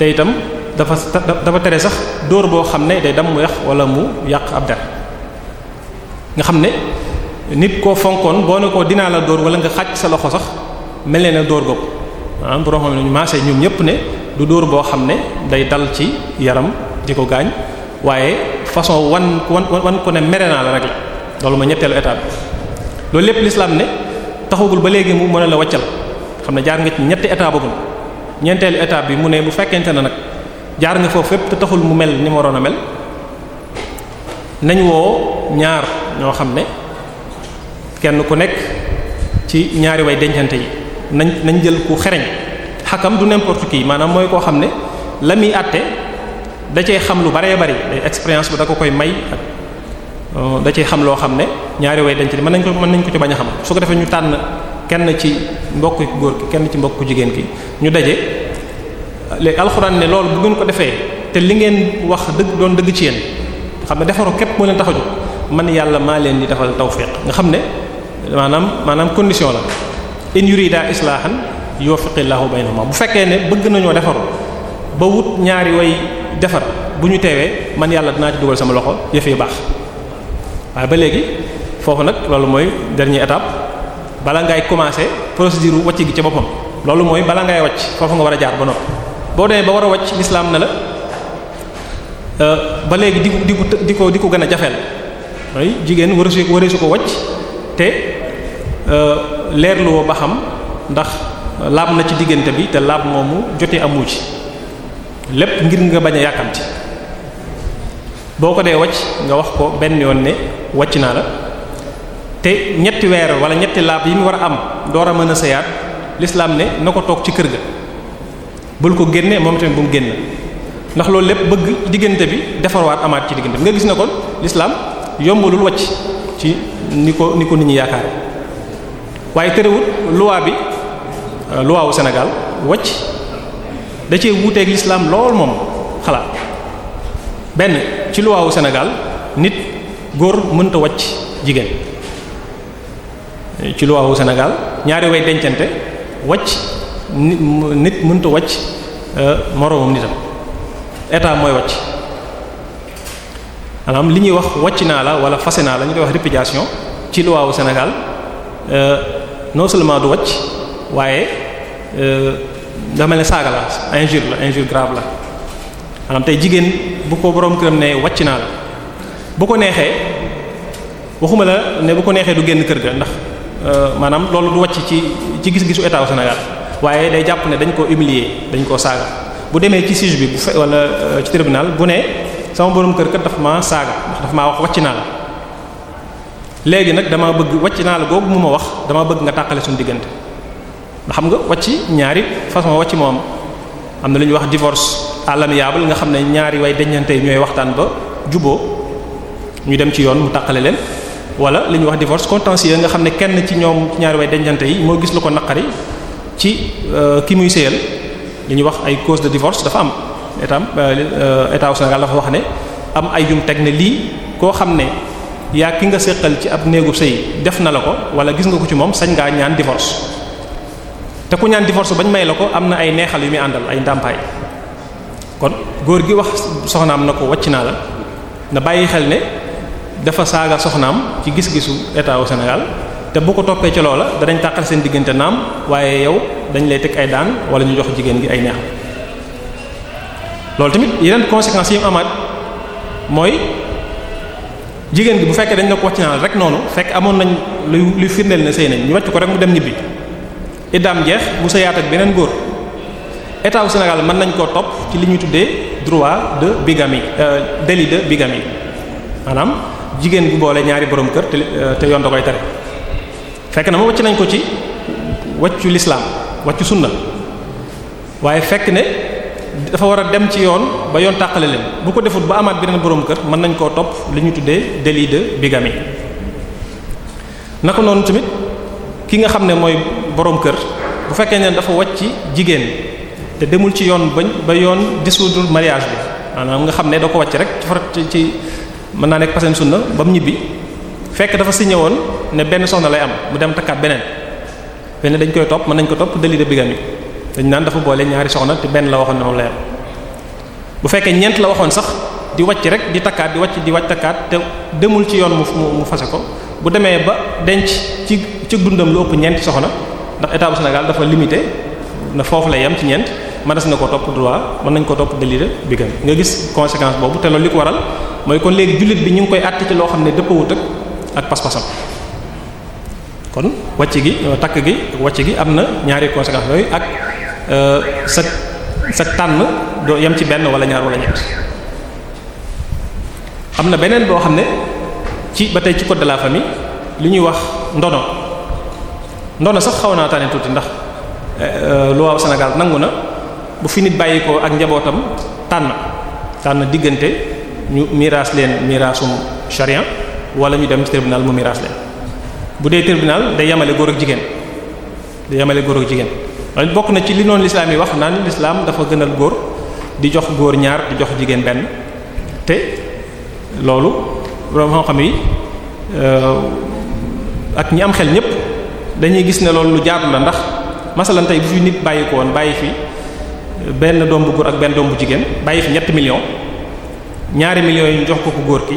te itam dafa dafa tere sax dóor boo xam ne day dam mu yàq wala mu yàq ab der nga xam ne nit koo fonkoon boo ne ko dinaa la dóor wala nga xàcc sa loxo sax mel ne na dóor googu maanaam borom xam ne ñu ñoom ñëpp ne du dóor boo xam ne day dal ci yaram di ko gaañ waaye façon wan wan wan ko ne mere naa la rek la loolu ma ñetteelu état loolu lépp l'islam ne taxagul ba léegi mu mën a la wàccal xam ne jaar nga ci ñetti état boobu ñeenteelu état bi mu ne bu fekkente ne nag jaar nga foofu fépp te taxul mu mel ni mu waroon a mel nañ woo ñaar ñoo xam ne kenn ku nekk ci ñaari way dencante yi nañ nañ jël ku xereñ xakam du n'importe kii maanaam mooy koo xam ne la muy àtte da cee xam lu baree bari day expérience bi da ko koy may ak euh, da cee xam loo xam ne ñaari way dencante mën nañ ko mën nañ ko ci bañ a xam su ko defee ñu tànn. kenn ci mbokk góor ki kenn ci mbokk ku jigéen ki ñu daje léegi alxuraan ne loolu bu ngeen ko defee te li ngeen wax dëgg doon dëgg ci yéen xam ne defaru képp moo leen tax man yàlla maa leen di defal tawfiq nga xam ne maanaam maanaam condition la in yurida islahan yuwaffiqillahu baynahuma bu fekkee ne bëgg nañoo defaru ba wut ñaari way defar bu ñu teewee man yàlla dinaa ci dugal sama loxo yëf yi baax waaye ba léegi foofu nag loolu mooy dernière étape bala ngay commencer procédure wàcc gi ca boppam loolu mooy bala ngay wàcc foofu nga war a jaar ba noppi boo demee ba war a wàcc lislaam na la euh, ba léegi di ko di ko di ko gën a jafeel mooy jigéen wareesu wareesu ko wàcc te euh, leerlu ba xam ndax laab na ci diggante bi te laab moomu jotee amu ci lépp ngir nga bañ a yàkkamti boo ko dee wàcc nga wax ko benn yoon ne wàcc naa la te ñetti weer wala ñetti laab yi mu war a am door a mën a seyaat l'islam ne na ko toog ci kër ga bul ko génne moom tamit bu mu génn ndax loolu lépp bëgg diggante bi defarwaat amaat ci diggante bi nga gis na kon l'islam yombalul wàcc ci ni ko ni ko nit ñi yaakaar waaye terewul loi bi euh, loi wu wacc wàcc da cee wuuteeg l'islam lool moom xalaat benn ci loi wu nit góor mënta wàcc jigéen ci loi wu Sénégal ñaari way dencante wàcc nit nit mënta wàcc euh, moroomam nitam état mooy wàcc maanaam li ñuy wax wàcc naa la wala fase naa la ñu koy wax répudiation ci loi wu Sénégal euh, non seulement du wàcc waaye euh, dafa mel ne saaga la injure la injure grave la maanaam tey jigéen bu ko borom këram ne wàcc naa la bu ko neexee waxuma la ne bu ko neexee du génn kër ga ndax Euh, maanaam loolu du wàcc ci ci gis-gisu état Sénégal waaye day jàpp ne dañ koo humilier dañ koo saaga bu demee ci juge bi bu fe wala euh, ci tribunal bu ne sama borom kër kat dafa ma saaga ndax dafa maa wax wàcc naa la léegi nag damaa bëgg wacc naa la googu mu ma wax damaa bëgg nga tàqale suñu diggante ndax xam nga wàcc ñaari façon wàcc moom am na lu ñuy wax divorce à nga xam ne ñaari way deñante ñooy waxtaan ba juboo ñu dem ci yoon mu tàqale leen wala li ñuy wax divorce contentieux nga xam ne kenn ci ñoom ñaari way dencante yi moo gis lu ko naqari ci euh, ki muy séyal li ñuy wax ay cause de divorce dafa am état euh, état au Sénégal dafa wax ne am ay yum teg ne lii koo xam ne yaa ki nga séqal ci ab néegu sëy def na la ko wala gis nga ko ci moom sañ ngaa ñaan divorce te ku ñaan divorce bañ may la ko am na ay neexal yu muy àndal ay ndàmpaay kon góor gi wax soxnaam na ko wàcc naa la na bàyyi xel ne dafa saaga soxnaam ci gis-gisu état wu Sénégal te bu ko toppee ci loola danañ tàqal seen diggante naam waaye yow dañ lay teg ay daan wala ñu jox jigéen gi ay neex loolu tamit yeneen conséquences yi mu amaat mooy jigéen gi bu fekkee dañ la ko wàcc naa rek noonu fekk amoon nañ luy luy firndeel ne sëy nañ ñu wàcc ko rek mu dem ñibbi iddaam jeex mu sëyaat ak beneen góor état wu Sénégal mën nañ koo topp ci li ñuy tuddee droit de bigamie euh, délit de jigéen bu boole ñaari boroom kër euh, te yoon da koy tere fekk na ma wacc nañ ko ci waccu lislaam waccu sunna waaye fekk ne dafa war a dem ci yoon ba yoon tàqale leen bu ko defut ba amaat beneen boroom kër mën nañ koo topp li ñu tuddee délit de bigamie naka noonu tamit ki nga xam ne mooy boroom kër bu fekkee ne dafa wacc jigéen te demul ci yoon bañ ba yoon dissoudre mariage bi maanaam nga xam ne da ko wàcc rek ci mën naa nekk pasen sunna ba mu ñibbi fekk dafa signé woon ne benn soxna lay am mu dem takkaat beneen fekk dañ koy topp mën nañ ko topp délit de bigamie dañ naan dafa boole ñaari soxna benn la waxoon ne moom am bu fekkee ñeent la waxoon sax di wàcc rek di takkaat di wàcc di wàcc takkaat te demul ci yoon mu mu fase ko bu demee ba denc ci ci dundam lu ñeenti soxna ndax état bu Sénégal dafa limité na foofu lay yem ci ñeent mënees na ko topp droit mën nañ ko topp délire bi gën nga gis conséquence boobu te loolu li ko waral mooy kon léegi jullit bi ñu ngi koy àtte ci loo xam ne dëppawut ak ak pas-pasam kon wàcc gi takk gi wàcc gi am na ñaari conséquences yooyu ak euh, sa sa tànn doo yem ci benn walla ñaar wala ñett am na beneen boo xam ne ci ba tey ci code de la famille li ñuy wax ndono ndono sax xaw naa tane tuuti ndax euh, loi Sénégal nangu na bu fi nit bàyyi ko ak njabootam tànn tànn diggante. ñu miraas leen miraasum sharia wala ñu dem ci tribunal mu miraas leen bu dee tribunal day yemale góor ak jigéen day yamale góor ak jigéen waaye bokk na ci li noonu lislaam yi wax naa ni lislaam dafa gënal góor di jox góor ñaar di jox jigéen benn te loolu borom xam-xam yi euh, ak ñi am xel ñépp dañuy gis ne loolu lu jaadu la ndax masalan tey bu fi nit bàyyi ko woon bàyyi fi benn doom bu góor ak benn doom bu jigéen bàyyi fi ñetti millions ñaari millions yi ñu jox ko ku góor ki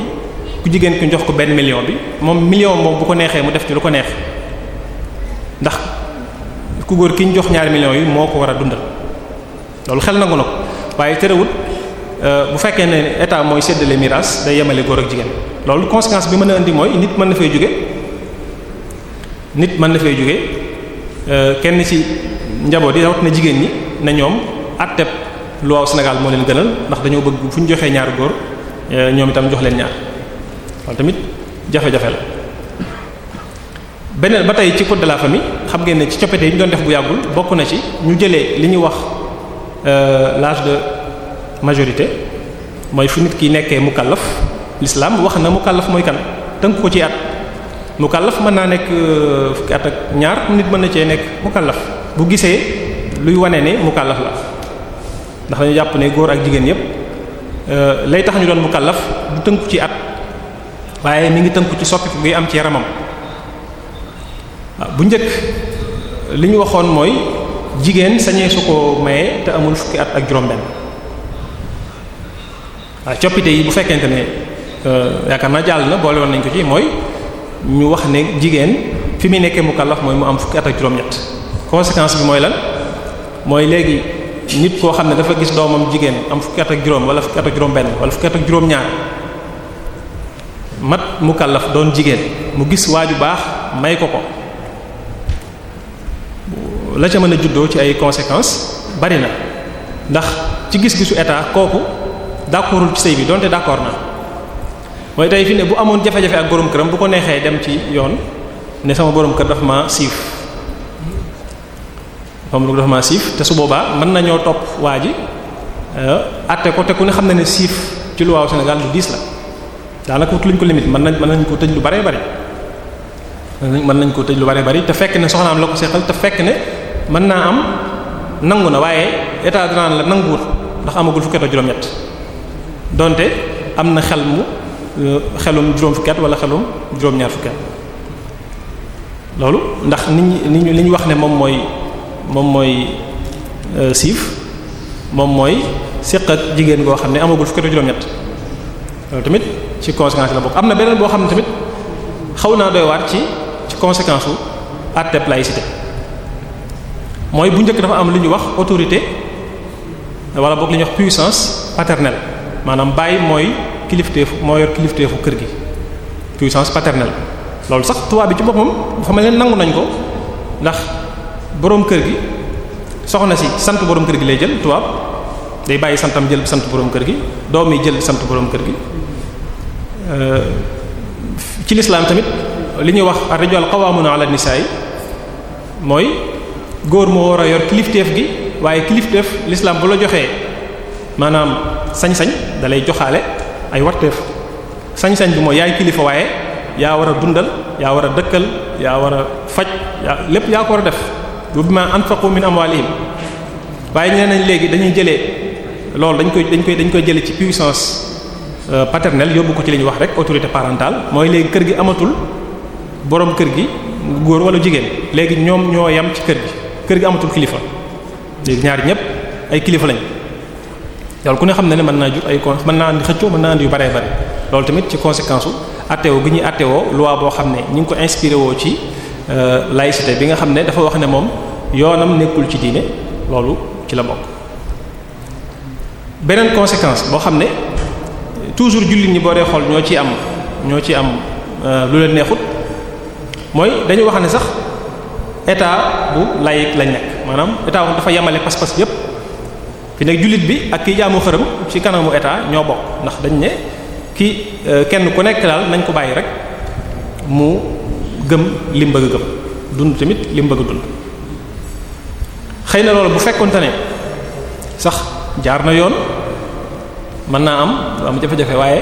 ku jigéen ki ñu jox ko benn million bi moom million moom bu ko neexee mu def ci lu ko neex ndax ku góor ki ñu jox ñaari millions yi moo ko war a dundal loolu xel nangu na ko waaye terewut euh, bu fekkee ne état mooy séddale miraas day yemale góor ak jigéen loolu conséquence bi mën a indi mooy nit mën na fay jóge nit mën na fay jóge euh, kenn ci njaboot yi rawat na jigéen ñi na ñoom àtteb luwaaw Sénégal moo leen gënal ndax dañoo bëgg fu ñu joxee ñaari góor eh, ñoom itam jox leen ñaar loolu tamit jafe-jafe la beneen ba tey ci code de la famille xam ngeen ne ci coppete yi ñu doon def bu yàggul bokk na ci ñu jëlee li ñu wax euh, l'âge de majorité mooy fu nit ki nekkee mukallaf l'islam wax na mukallaf mooy kan tënk ko ci at mukallaf mën naa nekk euh, fukki at ak ñaar nit mën na cee nekk mukallaf bu gisee luy wane ne mukallaf la ndax dañu jàpp ne góor ak jigéen yépp euh, lay tax ñu doon mukallaf du tënku ci at waaye mi ngi tënku ci soppiku gi am ci yaramam bu njëkk li ñu waxoon mooy jigéen sañee su ko maye te amul fukki at ak juróom-benn waaw coppite yi bu fekkente ne euh, yaakaar naa jàll na boole nañ ko ci mooy ñu wax ne jigéen fi mu nekkee mukallaf mooy mu am fukki at conséquence bi mooy lan mooy léegi. nit koo xam ne dafa gis doomam jigéen am fukki at ak juróom wala fukki at ak juróom benn ñaar mat mu kàllaf doon jigéen mu gis waaju baax may ko ko la ca mën a juddoo ci ay conséquences bari na ndax ci gis-gisu état kooku d'accordul ci sëy bi donte d'accord na mooy tey fi ne bu amoon jafe-jafe ak borom këram bu ko neexee dem ci yoon ne sama borom kër dafa ma siif pamb dog dafa maa siif te su boobaa mën nañoo topp waa ji atte euh, ko te ku ne xam na ne siif ci luwaaw Sénégal lu diis la daanaka wut luñ ko limite mën nañ mën nañ koo tëj lu baree bari mën nañ ko tëj lu baree bari te fekk ne soxnaam la ko seexal te fekk ne mën naa am nangu na waaye état danaan la nanguwut ndax amagul fukki ak juróom-ñett donte am na xel mu euh, xelum juróom fukki at wala xelum juróom-ñaar fukki loolu ndax niñ niñ li ñu wax ne moom mooy moom mooy euh, siif moom mooy séq jigéen goo xam ne amagul fukki at juróom-ñett loolu tamit ci conséquence la bokk am na beneen boo xam ne tamit xaw naa doy waar ci ci conséquence su atteb laïcité mooy bu njëkk dafa am lu ñuy wax autorité wala boog li ñu wax puissance paternel maanaam bàyyi mooy kilifteefu moo yor fu kër gi puissance paternelle loolu sax tubaab bi ci boppam dafa mel ne nangu nañ ko ndax boroom kër gi soxna si sant boroom kër gi lay jël tubaab day bàyyi santam jël sant boroom kër gi doom yi jël sant boroom kër gi euh, ci lislaam tamit li ñuy wax ar-rijaal qawaamuna ala nisaa yi mooy góor moo war a yor kilifteef gi waaye kilifteef lislaam bu la joxee maanaam sañ-sañ dalay joxaale ay warteef sañ-sañ bi mooy yaay kilifa waaye yaa war a dundal yaa war a dëkkal yaa war a faj yaa lépp yaa ko war a def wa bima anfaqu min amwalihim waaye nee nañ léegi dañuy jëlee loolu dañ koy dañ koy dañ koy jëlee ci puissance euh, paternelle yóbbu ko ci lañuy wax rek autorité parentale mooy léegi kër gi amatul boroom kër gi góor wala jigéen léegi ñoom ñoo yam ci kër gi kër gi amatul kilifa léegi ñaar ñépp ay kilifa lañ loolu ku ne xam ne ne mën naa jur ay mën naa andi xëccoo mën naa andi yu bare bare loolu tamit ci conséquence u attewoo gi ñuy attewoo loi boo xam ne ñu ngi ko inspiré woo ci Euh, laïcité bi nga xam ne dafa wax ne moom yoonam nekkul ci diine loolu ci la bokk beneen conséquence boo xam ne toujours jullit ñi boo dee xool ñoo ciy am ñoo ci am euh, lu leen neexut mooy dañu wax ne sax état bu laïc lañ nekk maanaam état bu dafa yemale pas-pas yépp fi nekk jullit bi ak kii jaamu xërëm ci kanamu état ñoo bokk ndax dañ ne ki euh, kenn ku nekk daal nañ ko bàyyi rek mu gëm li mu gëm dund tamit lim mu bëgg a dund xëy na loolu bu fekkonte ne sax jaar na yoon mën naa am lu am jafe-jafe waaye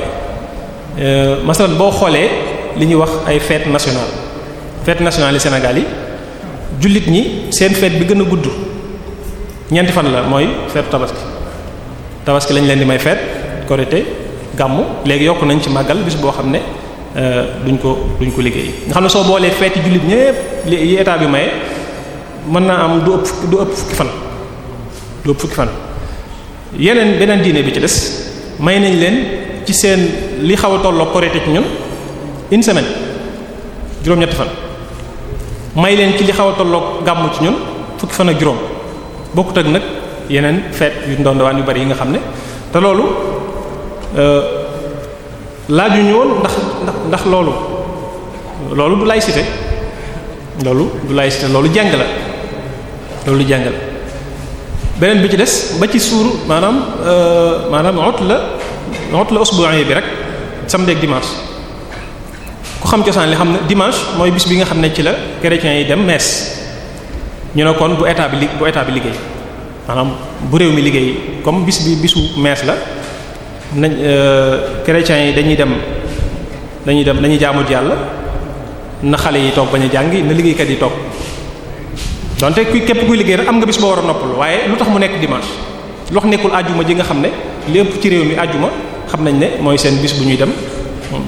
euh, masalan boo xoolee li ñuy wax ay feet nationale fête nationale yi Sénégal yi jullit ñi seen fête bi gën a gudd ñeenti fan la mooy fête tabaski tabaski lañ leen di may fête korité gàmmu léegi yokk nañ ci màggal bis boo xam ne Euh, duñ ko duñ ko liggéey nga xam ne soo boolee feeti jullit ñépp li état bi maye mën naa am du ëpp fukki fan du ëpp fukki fan yeneen beneen diine bi ci des may nañ leen ci seen li xaw a tolloo Korité ci ñun une semaine juróom-ñetti fan may leen ci li xaw a tolloo gàmmu ci ñun fukki fan ak juróom bokkut ak nag yeneen feet yu ndondawaan yu bari yi nga xam ne te loolu euh, laajuñu woon ndax ndax loolu loolu du laïcité loolu du laïcité loolu jàng la loolu jàng la beneen bi ci des ba ci suuru maanaam euh, maanaam ot la ot la usbu'i bi rek samedi ak dimanche ku xam cosaan li xam ne dimanche mooy bis bi nga xam ne ci la chrétiens yi dem messe ñu ne kon bu état bi bu état bi liggéey maanaam bu réew mi liggéey comme bis bi bisu messe la nañ euh, chrétiens yi dañuy dem dañuy dem dañuy jaamu yàlla na xale yi toog bañ a jàngi na liggéeykat yi toog donte ku képp kuy liggéey rek am nga bis boo war a noppal waaye lu tax mu nekk dimanche lox nekkul ajjuma ji nga xam ne lépp ci réew mi àjjuma xam nañ ne mooy seen bis bu ñuy dem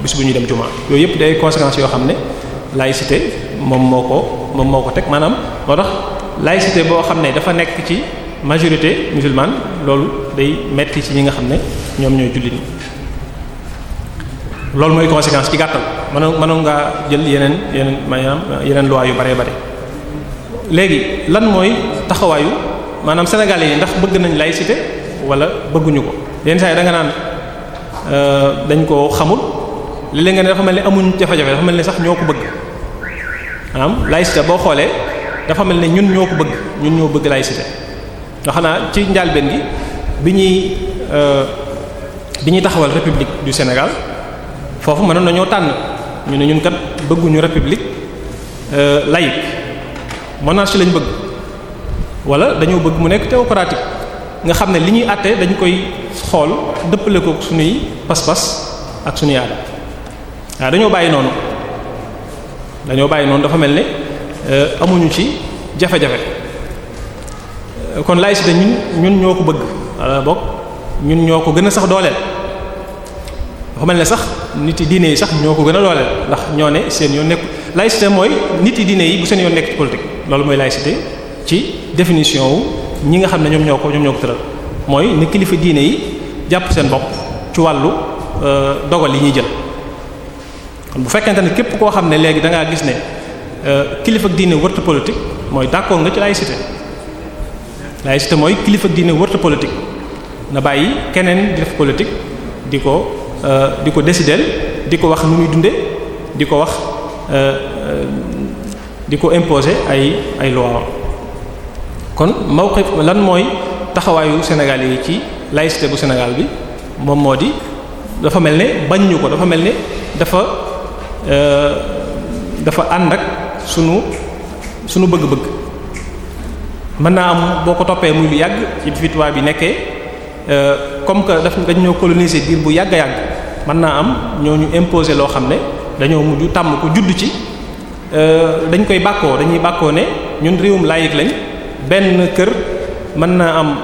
bis bu ñuy dem juma yooyu yëpp day conséquences yoo xam ne laïcité moom moo ko moom moo ko teg maanaam moo tax laïcité boo xam ne dafa nekk ci majorité musulmane loolu day metti ñi nga xam ne ñoom ñooy jullit ñi loolu mooy conséquence ci gàttal mënoo mënoo ngaa jël yeneen yeneen maanaam yeneen loi yu bare bare léegi lan mooy taxawaayu maanaam sénégalais yi ndax bëgg nañ laïcité wala bëgguñu ko yenn saa yi da nga naan euh, dañ ko xamul léeg-léeg nga dafa mel ni amuñ jafe-jafe mel ni sax ñoo ko bëgg maanaam laïcité boo xoolee dafa mel ni ñun ñoo ko bëgg ñun ñoo bëgg laïcité. ndax xanaa ci njàlbeen gi bi ñuy euh, bi ñuy taxawal république du Sénégal foofu mënoon nañoo tànn ñu ne ñun kat bëgguñu république euh, laïque monarchie lañ bëgg wala dañoo bëgg mu nekk théocratique nga xam ne li ñuy àtte dañu koy xool dëppale ko suñuy pas-pas ak suñuy aada waaw dañoo bàyyi noonu dañoo bàyyi noonu dafa mel ni euh, amuñu ci jafe-jafe kon laïcité ñun ñun ñoo ko bëgg wala bokk ñun ñoo ko gën a sax dooleel dafa mel ne sax nit yi diine yi sax ñoo ko gën a dooleel ndax ñoo ne seen yoon nekk laïcité mooy nit yi diine yi seen yoon nekk ci loolu mooy laïcité ci définition ñi nga xam ne ñoom ñoo ko ñoo ko tëral mooy ni kilifa diine jàpp seen bopp ci wàllu euh, dogal yi ñuy jël kon bu fekkente ne képp koo xam ne léegi dangaa gis ne euh, kilifa diine wërta politique mooy d'accord nga ci laïcité laïcité mooy kilifa diine wërta politique na bàyyi keneen di def politique di ko euh, di ko décider di ko wax nu muy dunde di ko wax euh, euh, di ko imposer ay ay loi kon mawqif lan mooy taxawaayu Sénégal yi ci laïcité bu Sénégal bi moom moo di dafa mel ne bañ ñu ko dafa mel ne dafa dafa ànd ak sunu sunu bëgg-bëgg mën naa am boo ko toppee muy lu yàgg ci bi bi nekkee Euh, comme que daf dañ ñoo coloniser biir bu yàgg a yàgg mën naa am ñoo ñu imposer loo xam ne dañoo mujj tàmm ko juddu ci euh, dañ koy bàkkoo dañuy bàkkoo ne ñun réewum laïc lañ benn kër mën naa am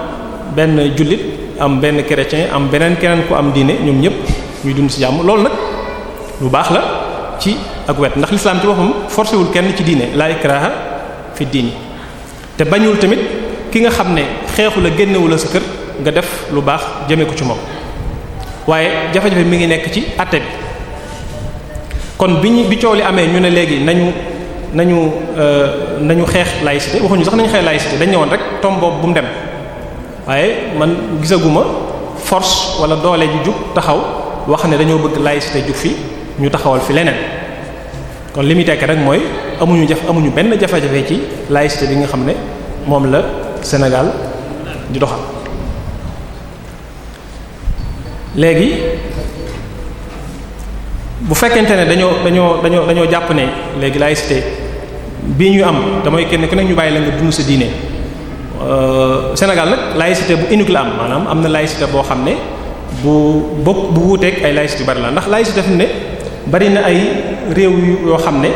benn jullit am benn chrétien am beneen keneen ku am diine ñoom ñëpp ñuy dund si jàmm loolu nag lu baax la ci ak wet ndax l'islam ci waxum forcé wul kenn ci diine la ikraha fi diini te bañul tamit ki nga xam ne xeexu la génnewu la sa kër nga def lu baax jëme ko ci moom waaye jafe-jafe mi ngi nekk ci àtte bi kon bi ñu bi coow li amee ñu ne léegi nañu nañu euh, nañu xeex laïcité waxuñu sax nañu xeex laïcité dañ ne woon rek tom bu mu dem waaye man gisaguma force wala doole ju jug taxaw wax ne dañoo bëgg laïcité jug fi ñu taxawal fi leneen kon li muy tekk rek mooy amuñu jaf amuñu benn jafe-jafe ci laïcité bi nga xam ne moom la Sénégal di doxal léegi bu fekkente ne dañoo dañoo dañoo dañoo jàpp ne léegi laïcité bii ñuy am damay kenn ku ne ñu bàyyi la nga dund sa diine euh, Sénégal nag laïcité bu unique la am maanaam am na laïcité boo xam ne bu bokk bu wuuteek ay laïcité yu bari la ndax laïcité fi mu ne bari na ay réew yoo xam ne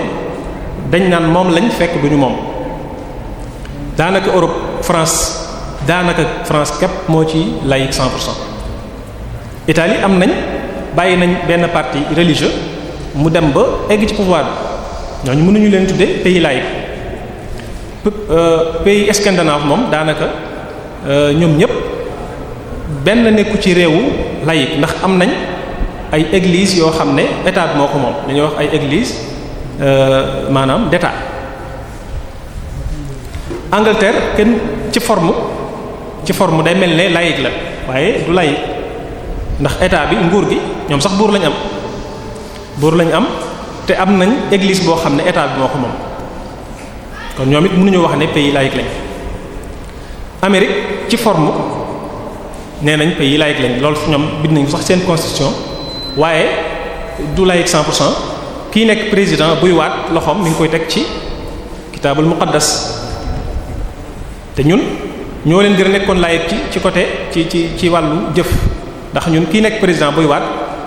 dañ naan moom lañ fekk duñu moom daanaka Europe France daanaka France képp moo ci laïque 100 pour cent Italie am nañ bàyyi nañ benn parti religieux mu dem ba egg ci pouvoir bi ñooñu mënuñu leen tuddee pays laïc euh, pays scandinave moom daanaka euh, ñoom ñépp benn nekku ci réewu laïc ndax am nañ ay églises yoo xam ne état bi moo ko moom dañuy wax ay églises euh, maanaam d'état Angleterre kenn ci forme ci forme day mel ne laïc la waaye du laïc ndax état bi nguur gi ñoom sax buur lañu am buur lañu am te am nañ église boo xam ne état bi moo ko moom kon ñoom it ñu wax ne pays laïque lañ Amérique ci forme nee nañ pays laïque lañ loolu ñoom bi nañ sax seen constitution waaye du laïque 100 kii nekk président buy waat loxoom mi ngi koy teg ci kitaabul muqaddas te ñun ñoo leen gën a nekkoon laïque ci ci côté ci ci ci wàllu jëf. ndax ñun kii nekk président buy waat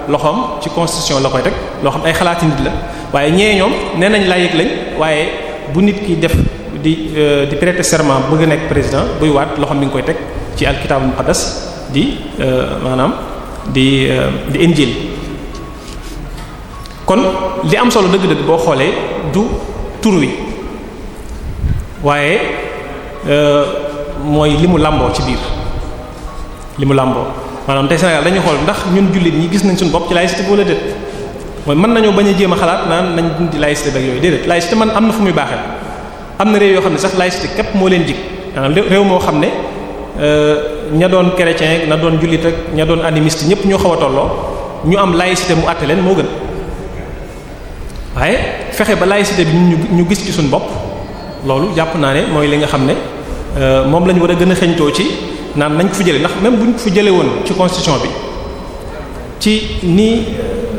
loxoom ci constitution la koy teg loo xam ay xalaati nit la waaye ñee ñoom nee nañ laa yëg lañ waaye bu nit ki def di euh, di prêter serment bëgg nekk président buy waat loxoom mi ngi koy teg ci alkitaabul muqaddas di euh, maanaam di euh, di injil kon li am solo dëgg-dëgg boo xoolee du tur wi waaye mooy li mu làmboo ci biir limu mu làmboo maanaam tey Sénégal dañuy xool ndax ñun jullit ñi gis nañ suñu bopp ci laïcité wala déet mooy mën nañoo bañ a jéema xalaat naan nañ dindi laïcité beeg yooyu déedéet laïcité man am na fu muy baaxee am na réew yoo xam ne sax laïcité képp moo leen jig maanaam réew moo xam ne euh, ña doon chrétien na doon jullit ak ña doon animiste ñëpp ñoo xaw a tolloo ñu am laïcité mu àtte leen moo gën waaye fexe ba laïcité bi ñu gis ci suñu bopp loolu jàpp naa ne mooy li nga xam ne euh, moom lañu war a gën a xëñtoo ci naan nañ ko fi jëlee ndax même bu ñu ko fi jëlee woon ci constitution bi ci ni euh,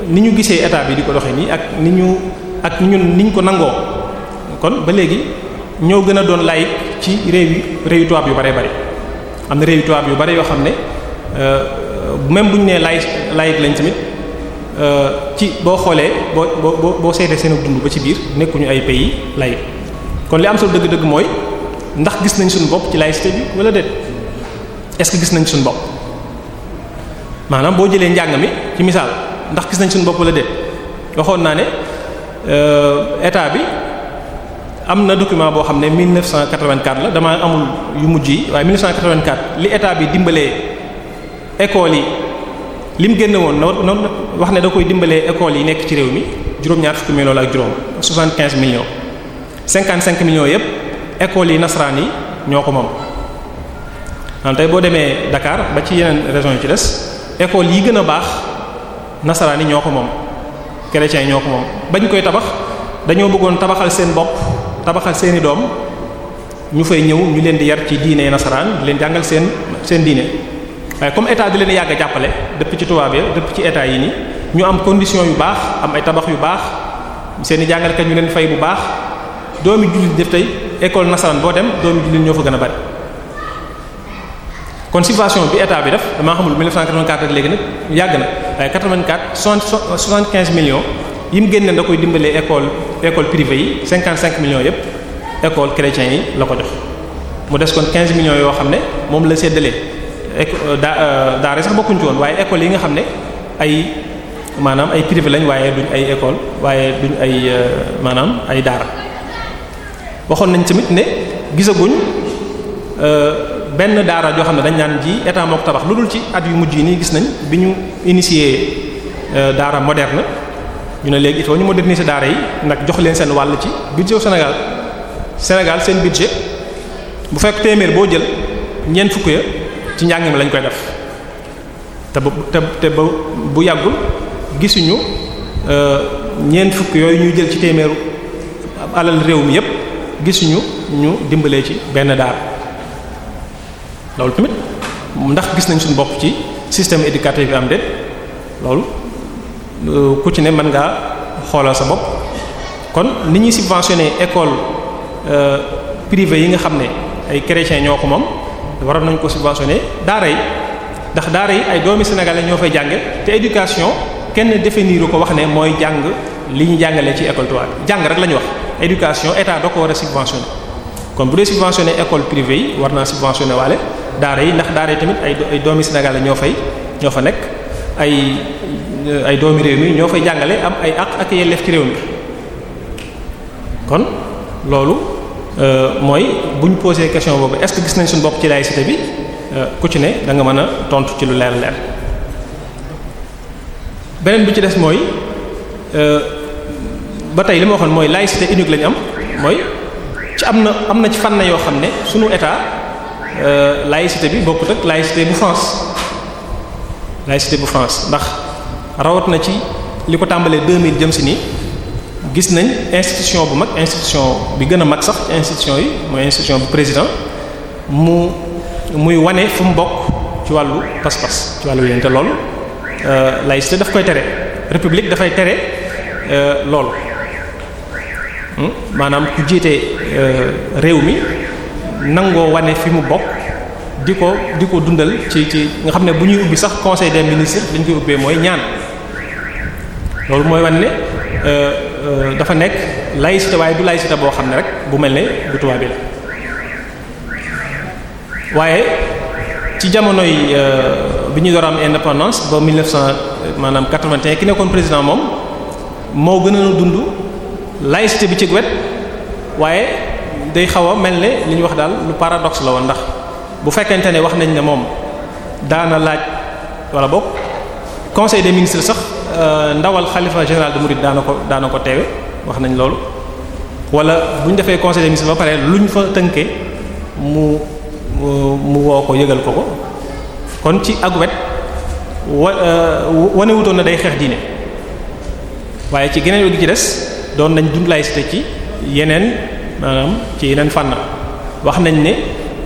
ni ñu gisee état bi di ko doxee nii ak ni ñu ak ñun ni ñu ko nangoo kon ba léegi ñoo gën a doon lay ci réew yi réew tubaab yu bare bare am na réew tubaab yu bare yoo xam ne euh, même bu ñu nee lay layit lañ tamit euh, ci boo xoolee boo boo boo seetee seen dund ba ci biir nekkuñu ay pays lay kon li am solo dëgg-dëgg mooy ndax gis nañ suñu bopp ci laïcité bi wala déet. est-ce que gis nañ suñu bopp maanaam boo jëlee njàng mi ci misaal ndax gis nañ suñu bopp la déet waxoon naa ne euh, état bi am na document boo xam ne 1984 la damaa amul yu mujj yi waaye 1984 li état bi dimbalee écoles yi li mu génne woon na wax ne da koy dimbalee écoles yi nekk ci réew mi juróom-ñaar fukki millions la ak juróom 75 millions 55 millions yépp écoles yi nasaraan yi ñoo ko moom. maanaam tey boo demee Dakar ba ci yeneen régions yu ci des écoles yi gën a baax nasaraan yi ñoo ko moom chrétiens yi ñoo ko moom bañ koy tabax dañoo bëggoon tabaxal seen bopp tabaxal seeni doom ñu fay ñëw ñu leen di yar ci diine nasaraan di leen jàngal seen seen diine waaye comme état di leen yàgg a jàppale depuis ci tubaab yi depuis ci état yi nii ñu am condition yu baax am ay tabax yu baax seeni i jàngalekat ñu leen fay bu baax doomi jullit def tey ecole nasaraan boo dem doomi jullit ñoo fa gën a bari kon bi état bi def damaa xamul 1984 ak léegi nag yàgg na waaye 84 60 75 millions yi mu génne da koy dimbalee école école privée yi 55 millions yëpp école chrétien yi la ko jox mu des kon 15 millions yoo xam ne moom la séddalee euh, daa euh, daara sax bokkuñ ci woon waaye école yi nga xam ne ay maanaam ay privé lañ waaye duñ ay école waaye duñ ay euh, maanaam ay daara waxoon nañ tamit ne gisaguñ. benn daara joo xam ne dañ naan ji état moo tabax lu dul ci at yu mujj yi nii gis nañ bi ñu initié euh, daara moderne ñu ne léegi ñu faut ñu moderniser daara yi ndax jox leen seen wàll ci budget Sénégal Sénégal seen budget bu fekk téeméer boo jël ñeent fukk ya ci njàng mi lañ koy def te bu te ba bu yàggul gisuñu euh, ñeent fukk yooyu ñuy jël ci téeméeru alal réew mi yépp gisuñu ñu dimbalee ci benn daara loolu tamit ndax gis nañ suñu bopp ci système éducatif bi am déet loolu euh, ku ci ne mën ngaa xoolal sa bopp kon ni ñuy subventionné école euh, privée yi nga xam ne ay chrétiens ñoo ko moom waroon nañ ko subventionné daara yi ndax daara yi ay doomi sénégalais ñoo fay jànge te éducation kenn définir ko wax ne mooy jàng li ñu jàngalee ci école tubaab jàng rek la wax éducation état da ko war a subventionné kon bu dee subventionné école privée yi war naa subventionné waale daara yi ndax daara yi tamit ay ay doomi Sénégal ñoo fay ñoo fa nekk ay euh, ay doomi réew mi ñoo fay jàngale am ay àq ak yelleef ci réew mi kon loolu euh, mooy bu ñu posé question boobu est gis nañ suñu bopp ci laïcité bi euh, ku ne da nga mën a tontu ci lu leer leer beneen bi ci des mooy ba tey li ma waxoon mooy laïcité unique lañu am mooy ci am na am na ci fànn yoo xam ne sunu état. Euh, laïcité bi bokk ak laïcité bu France laïcité bu France ndax rawat na ci li ko tàmbalee 2000 jëm si nii gis nañ institution bu mag institution bi gën a mag sax ci institution yi mooy institution bu président mu muy wane fu mu bokk ci wàllu pas-pas ci wàllu yéen te loolu euh, laïcité daf koy tere république dafay tere euh, loolu hmm? maanaam ku jiite réew mi. nangoo wane fi mu bokk di ko di ko dundal ci ci nga xam ne bu ñuy ubbi sax conseil des ministres dañ koy ubbee mooy ñaan loolu mooy wane ne euh, euh, dafa nekk laïcité waaye du laïcité boo xam ne rek bu mel ne bu tubaab la waaye ci jamono yi euh, bi ñu door am indépendance ba 1900 maanaam 81 ki nekkoon président moom moo gën a dund laïcité bi ci wet waaye day xaw a mel ne li ñu wax daal lu paradoxe la woon ndax bu fekkente ne wax nañ ne moom daana laaj wala boog conseil des ministres sax euh, ndawal xalifa général de Mouride daana ko daana ko teewe wax nañ loolu wala bu ñu defee conseil des ministres ba pare lu ñu fa tënkee mu mu woo ko yëgal ko ko kon ci ak wet wa euh, wanewutoon na day xeex diine waaye ci geneen wet ci des doon nañ dund laïcité ci yeneen maanaam ci yeneen fànn wax nañ ne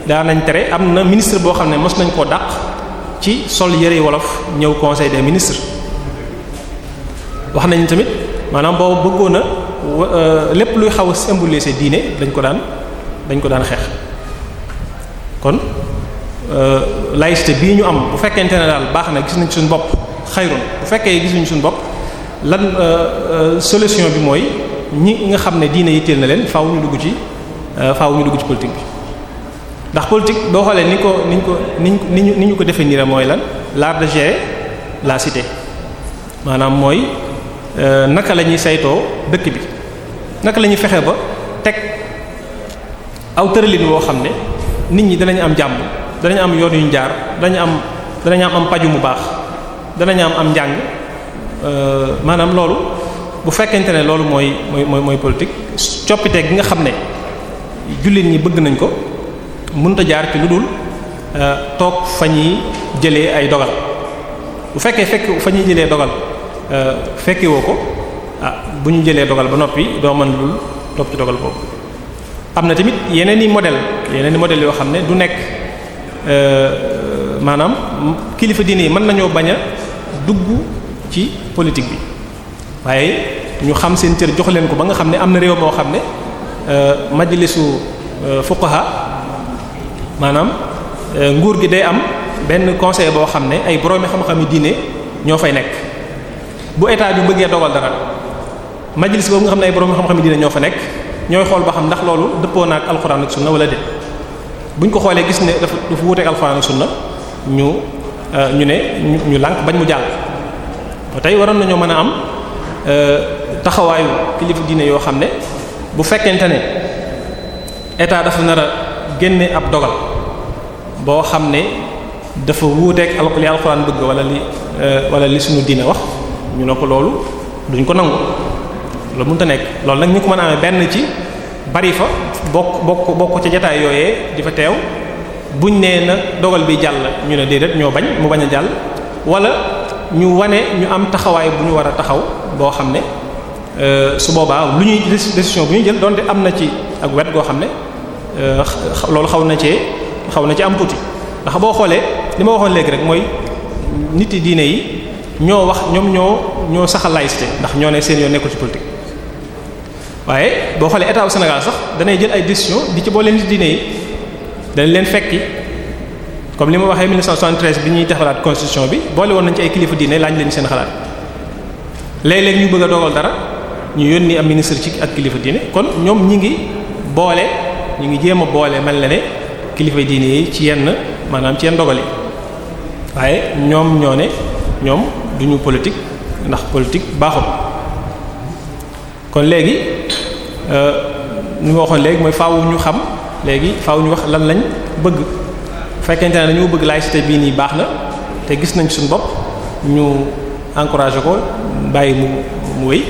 daanañ tere am na ministre boo xam ne mos nañ koo dàq ci sol yëre wolof ñëw conseil des ministres wax nañ tamit maanaam boobu bëggoon na euh, lépp luy xaw a symboliser diine dañ ko daan dañ ko daan xeex kon euh, laïcité bii ñu am bu fekkente ne daal baax na gis nañ suñu bopp xayrun bu fekkee gisuñu suñu bopp lan euh, solution bi mooy ñi nga xam ne diine yitteel na leen faaw ñu dugg ci euh, faw ñu dugg ci politique bi ndax politique boo xoolee ni ko niñ ko ni ñu ni ñu ko définir mooy lan l'art de gérer la cité maanaam mooy euh, naka la ñuy saytoo dëkk bi naka la ñuy fexe ba teg aw tëralin woo xam ne nit ñi danañ am jàmm danañ am yoon yu ñu jaar danañ am danañ am am paju mu baax danañ am am njàng euh, maanaam loolu bu fekkente ne loolu mooy mooy mooy politique coppite gi nga xam ne jullit ñi bëgg nañ ko mënut a jaar ci lu dul euh, toog fa ñuy jëlee ay dogal bu fekkee fekk fa ñuy jëlee dogal euh, fekke woo ko ah bu ñu jëlee dogal ba noppi doo mën lul topp ci dogal boobu. am na tamit yeneen i modèle yeneen i modèle yoo xam ne du nekk euh, maanaam kilifa diine yi mën nañoo bañ a dugg ci politique bi. waaye ñu xam seen cër jox leen ko ba nga xam ne am na réew moo xam ne euh, majlisu euh, fuqaha maanaam euh, nguur gi day am benn conseil boo xam ne ay boroomi xam-xam yi diine ñoo fay nekk bu état bi bëggee dogal dara majlis boobu nga xam ne ay boroomi xam-xam yi diine ñoo fa nekk ñooy xool ba xam ndax loolu dëppoo na ak alxuraan ak sunna de bu ñu ko xoolee gis ne dafa dafa wuuteeg alxuraan ak sunna ñu ñu ne ñu lànk bañ mu jàll tey waroon nañoo mën a am. Euh, taxawaayu kilifa diine yoo xam ne bu fekkente ne état dafa nar a génne ab dogal boo xam ne dafa wuuteeg al li alxuraan bëgg wala li euh, wala li sunu diine wax ñu ne ko loolu duñ ko nangu loolu te nekk loolu nag ñu ko mën a amee benn ci bari fa bokk bokk bokk ca jataay yooyee di fa teew buñ nee na dogal bi jàll ñu ne déedéet ñoo bañ mu bañ a jàll wala. ñu wane ñu am taxawaay bu ñu war a taxaw boo xam ne euh, su boobaa lu ñuy décision bu ñuy jël de am na ci ak wet goo xam ne euh, loolu xaw na cee xaw na ci am tuuti ndax boo xoolee li ma waxoon léegi rek mooy nit diine yi ñoo wax ñoom ñoo ñoo saxal laïcité ndax ñoo ne seen yoon nekkul ci politique. waaye boo xoolee état wu Sénégal sax danay jël ay décision di ci boole nit diine yi dañ leen fekki comme li ma waxee 1973 bi ñuy defaraat constitution bi boole woon nañ ci ay kilifa diine laaj leen seen xalaat léeg-léeg ñu bëgg a dogal dara ñu yónni am ministre ci ak kilifa diine kon ñoom ñi ngi boole ñu ngi jéem a boole mel na ne kilifa diine yi ci yenn maanaam ci yenn dogal waaye ñoom ñoo ne ñoom duñu politique ndax politique baaxul kon léegi ñu euh, ma waxoon léegi mooy faaw ñu xam léegi faaw ñu wax lan lañ bëgg. fekkente ne dañoo bëgg laïcité bii nii baax na te gis nañ suñu bopp ñu encouragé ko bàyyi mu mu wéy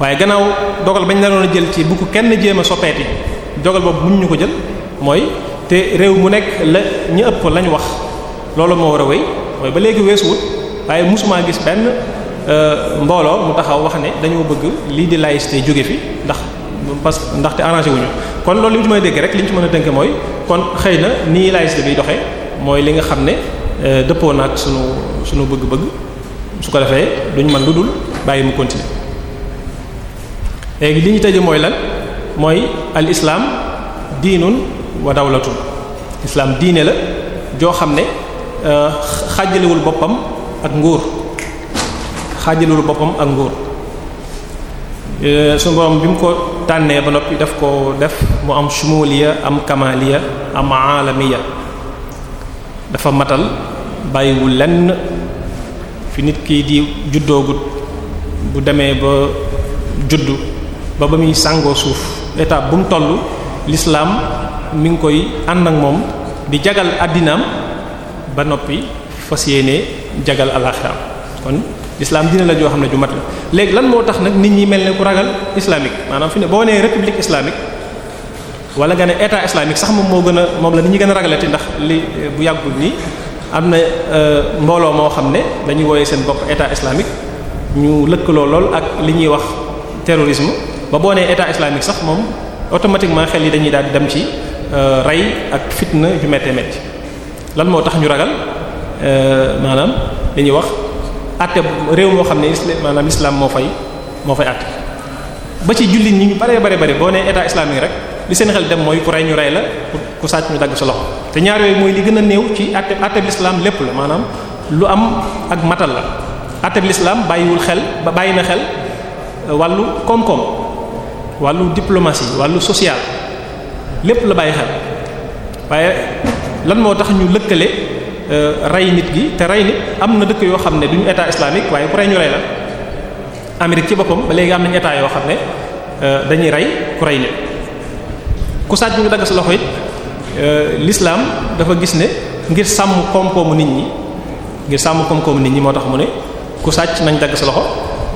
waaye gannaaw dogal bañ la doon jël ci bu kenn jéem a soppeeti dogal boobu mu ñu ko jël mooy te réew mu nekk la ñu ëpp lañ wax loolu moo war a wéy mooy ba léegi weesuwut waaye musuma gis benn euh, mbooloo mu taxaw wax ne dañoo bëgg lii di laïcité jóge fi ndax parce que ndaxte arrangé kon loolu li mu ci a dégg rek li ñu ci a tënk mooy kon xëy na nii laïcité bi doxee mooy li nga xam ne euh, dëppoo na ak sunu sunu bëgg-bëgg su ko defee duñ mën lu dul bàyyi mu continuer léegi li ñu tëje mooy lan mooy alislaam islam diinun wa dawlatun islam diine la joo xam ne euh, xaajalewul boppam ak nguur xaajalewul boppam ak nguur euh, sunu borom bi mu ko tànnee ba noppi daf ko def mu am shumuliya am kamaliya am alamiya dafa matal bàyyiwul lenn fi nit kii di juddoogut bu demee ba juddu ba ba muy sàngoo suuf étape bu mu toll lislaam mi ngi koy ànd ak moom di jagal àddinaam ba noppi fas yéene jagal alaxiraam kon l'islam dina la joo xam ne ju mat la léegi lan moo tax nag nit ñi mel ne ku ragal islamique maanaam fi ne boo nee république islamique wala nga ne état islamique sax moom moo gën a moom la nit ñi gën a ragalati ndax li bu yàggul nii am na euh, mbooloo moo xam ne dañuy wooyee seen bopp état islamique ñu lëkkaloo lool ak li ñuy wax terrorisme ba boo nee état islamique sax moom automatiquement xel yi dañuy daal dem ci euh, rey ak fitna ju méttee metti lan moo tax ñu ragal euh, maanaam li wax. atte réew moo xam ne islam maanaam islam moo fay moo fay atte ba ci jullit ñi ñu bare bare bare boo nee état islamique rek li seen xel dem mooy ku rey ñu rey la ku sàcc ñu dagg sa loxo te ñaar yooyu mooy li gën a néew ci atte atte bi lépp la maanaam lu am ak matal la atte bi islam bàyyiwul xel ba bàyyi na xel euh, wàllu koom-koom wàllu diplomatie wàllu social lépp la bàyyi xel waaye lan moo tax ñu lëkkale. Euh, rey nit gi te rey nit am na dëkk yoo xam ne duñu état islamique waaye ku rey ñu rey la Amérique ci boppam ba léegi am nañu état yoo xam ne euh, dañuy rey ku rey nit ku sàcc ñu dagg sa loxo it euh, lislaam dafa gis ne ngir sàmm koom-koomu nit ñi ngir sàmm koom-koomu nit ñi moo tax mu ne ku sàcc nañ dagg sa loxo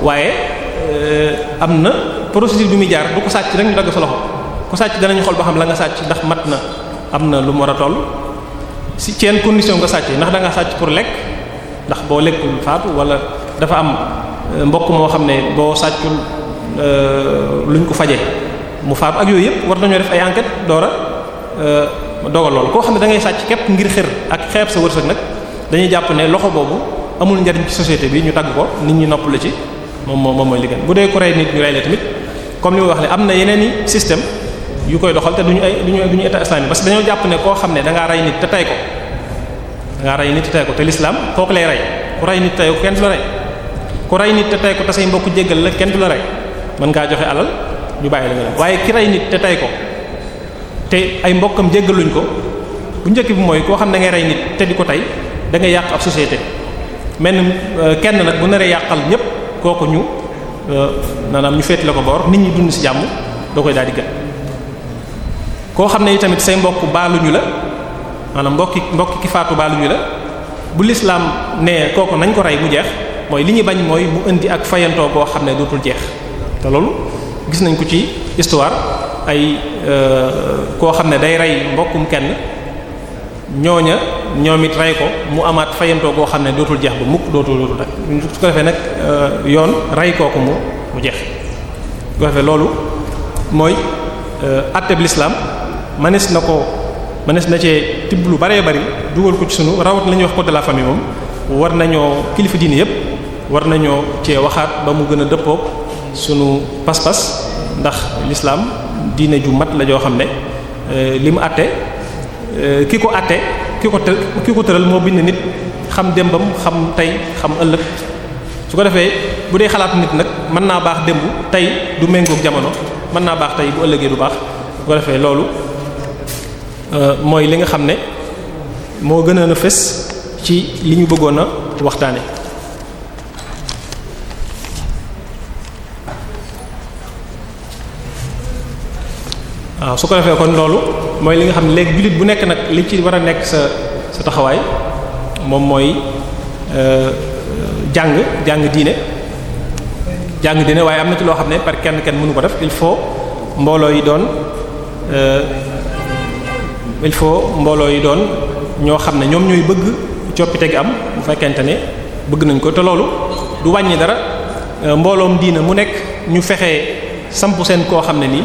waaye am na procédure bi muy jaar bu ko sàcc rek ñu dagg sa loxo ku sàcc danañu xool ba xam la nga sàcc ndax mat na am na lu mu war a toll si ci yenn condition nga yi ndax danga ngaa sàcc pour lekk ndax boo lekkul faatu wala dafa am euh, mbokk moo xam ne boo sàccul euh, luñ ko faje mu faatu ak yooyu yëpp war nañoo def ay enquête doora a euh, dogal loolu koo xam ne da ngay sàcc képp ngir xër ak xeeb sa wërsëg nag dañuy jàpp ne loxo boobu amul njariñ ci société bi ñu tagg ko nit ñi noppale ci moom moom mooy liggéey bu dee ko rey nit ñu rey la tamit comme li ma wax ne am na yeneen i système yu koy doxal te duñu ay duñu duñu état islamique parce que dañoo jàpp ne koo xam ne da ngaa rey nit te tay ko da ngaa rey nit te tay ko te l'islam kooku lay rey ku rey nit te tay ko kenn rey ku rey nit te tay ko te say mbokk jéggal la kenn du la rey mën ngaa joxe alal ñu bàyyi la waaye ki rey nit te tay ko te ay mbokkam jéggaluñ ko bu njëkk bi mooy koo xam ne da ngay rey nit te di ko tey dangay yàq ab société mel ni euh, kenn nag bu naree yàqal ñépp kooku ñu euh, maanaam ñu féeti la ko boor nit ñi dund ci jàmm doo koy daal di koo xam ne tamit say mbokk baaluñu la maanaam mbokki mbokki ki faatu baaluñu la bu lislaam ne kooku nañ ko rey mu jeex mooy li ñu bañ mooy mu indi ak fayantoo boo xam ne dootul jeex te gis nañ ko ci histoire ay euh, koo xam ne day rey mbokkum kenn ñooña ñoom it rey ko mu amaat fayantoo goo xam ne dootul jeex ba mukk dootul dootul rek su ko defee nag euh, yoon rey kooku mu mu jeex su ko defee loolu mooy àtteb euh, lislaam mënees na ko mënees na cee tibb lu baree bari dugal ko ci sunu rawat la ñuy wax code de la famille moom war nañoo kilifa diine yépp war nañoo cee waxaat ba mu gën a dëppoog sunu pas-pas ndax l'islam diine ju mat la joo xam ne euh, li mu àtte euh, ki ko àtte ki ko të ki ko tëral moo bind nit xam démbam xam tey xam ëllëg su ko defee bu dee xalaat nit nag mën naa baax démb tey du méngoog jamono mën naa baax tey bu ëllëgee du baax su ko defee loolu Euh, mooy li nga xam ne moo gënoon a fës ci li ñu bëggoon a waxtaane waaw su ko defee kon loolu mooy li nga xam ne léegi jullit bu nekk nag li ci war a nekk sa sa taxawaay moom mooy euh, jàng jàng diine jàng diine waaye am na ci loo xam ne par kenn kenn mënu ko def il faut mbooloo yi doon euh, il faut mbooloo yi doon ñoo xam ne ñoom ñooy bëgg coppite gi am bu fekkente ne bëgg nañ ko te loolu du wàññi dara euh, mbooloom diina mu nekk ñu fexe sampu seen koo xam ne nii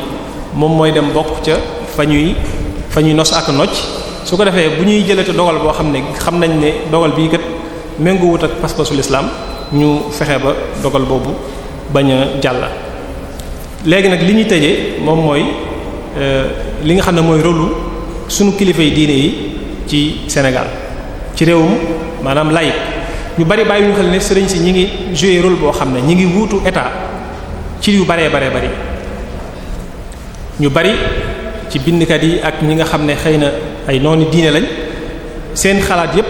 moom mooy dem bokk ca fa ñuy fa ñuy nos ak nocc su ko defee bu ñuy jëlate dogal boo xam ne xam nañ ne dogal bii kat méngoowut ak pas-pasu lislaam ñu fexe ba dogal boobu bañ a jàll léegi nag li ñuy tëjee moom mooy euh, li nga xam ne mooy rôle sunu kilifa yi diine yi ci Sénégal ci réewum maanaam lay ñu bari bàyyi ñu xel ne sëriñ si ñi ngi jouer rôle boo xam ne ñi ngi wuutu état ci yu baree baree bari ñu bari ci bindkat yi ak ñi nga xam ne xëy na ay noonu diine lañ seen xalaat yépp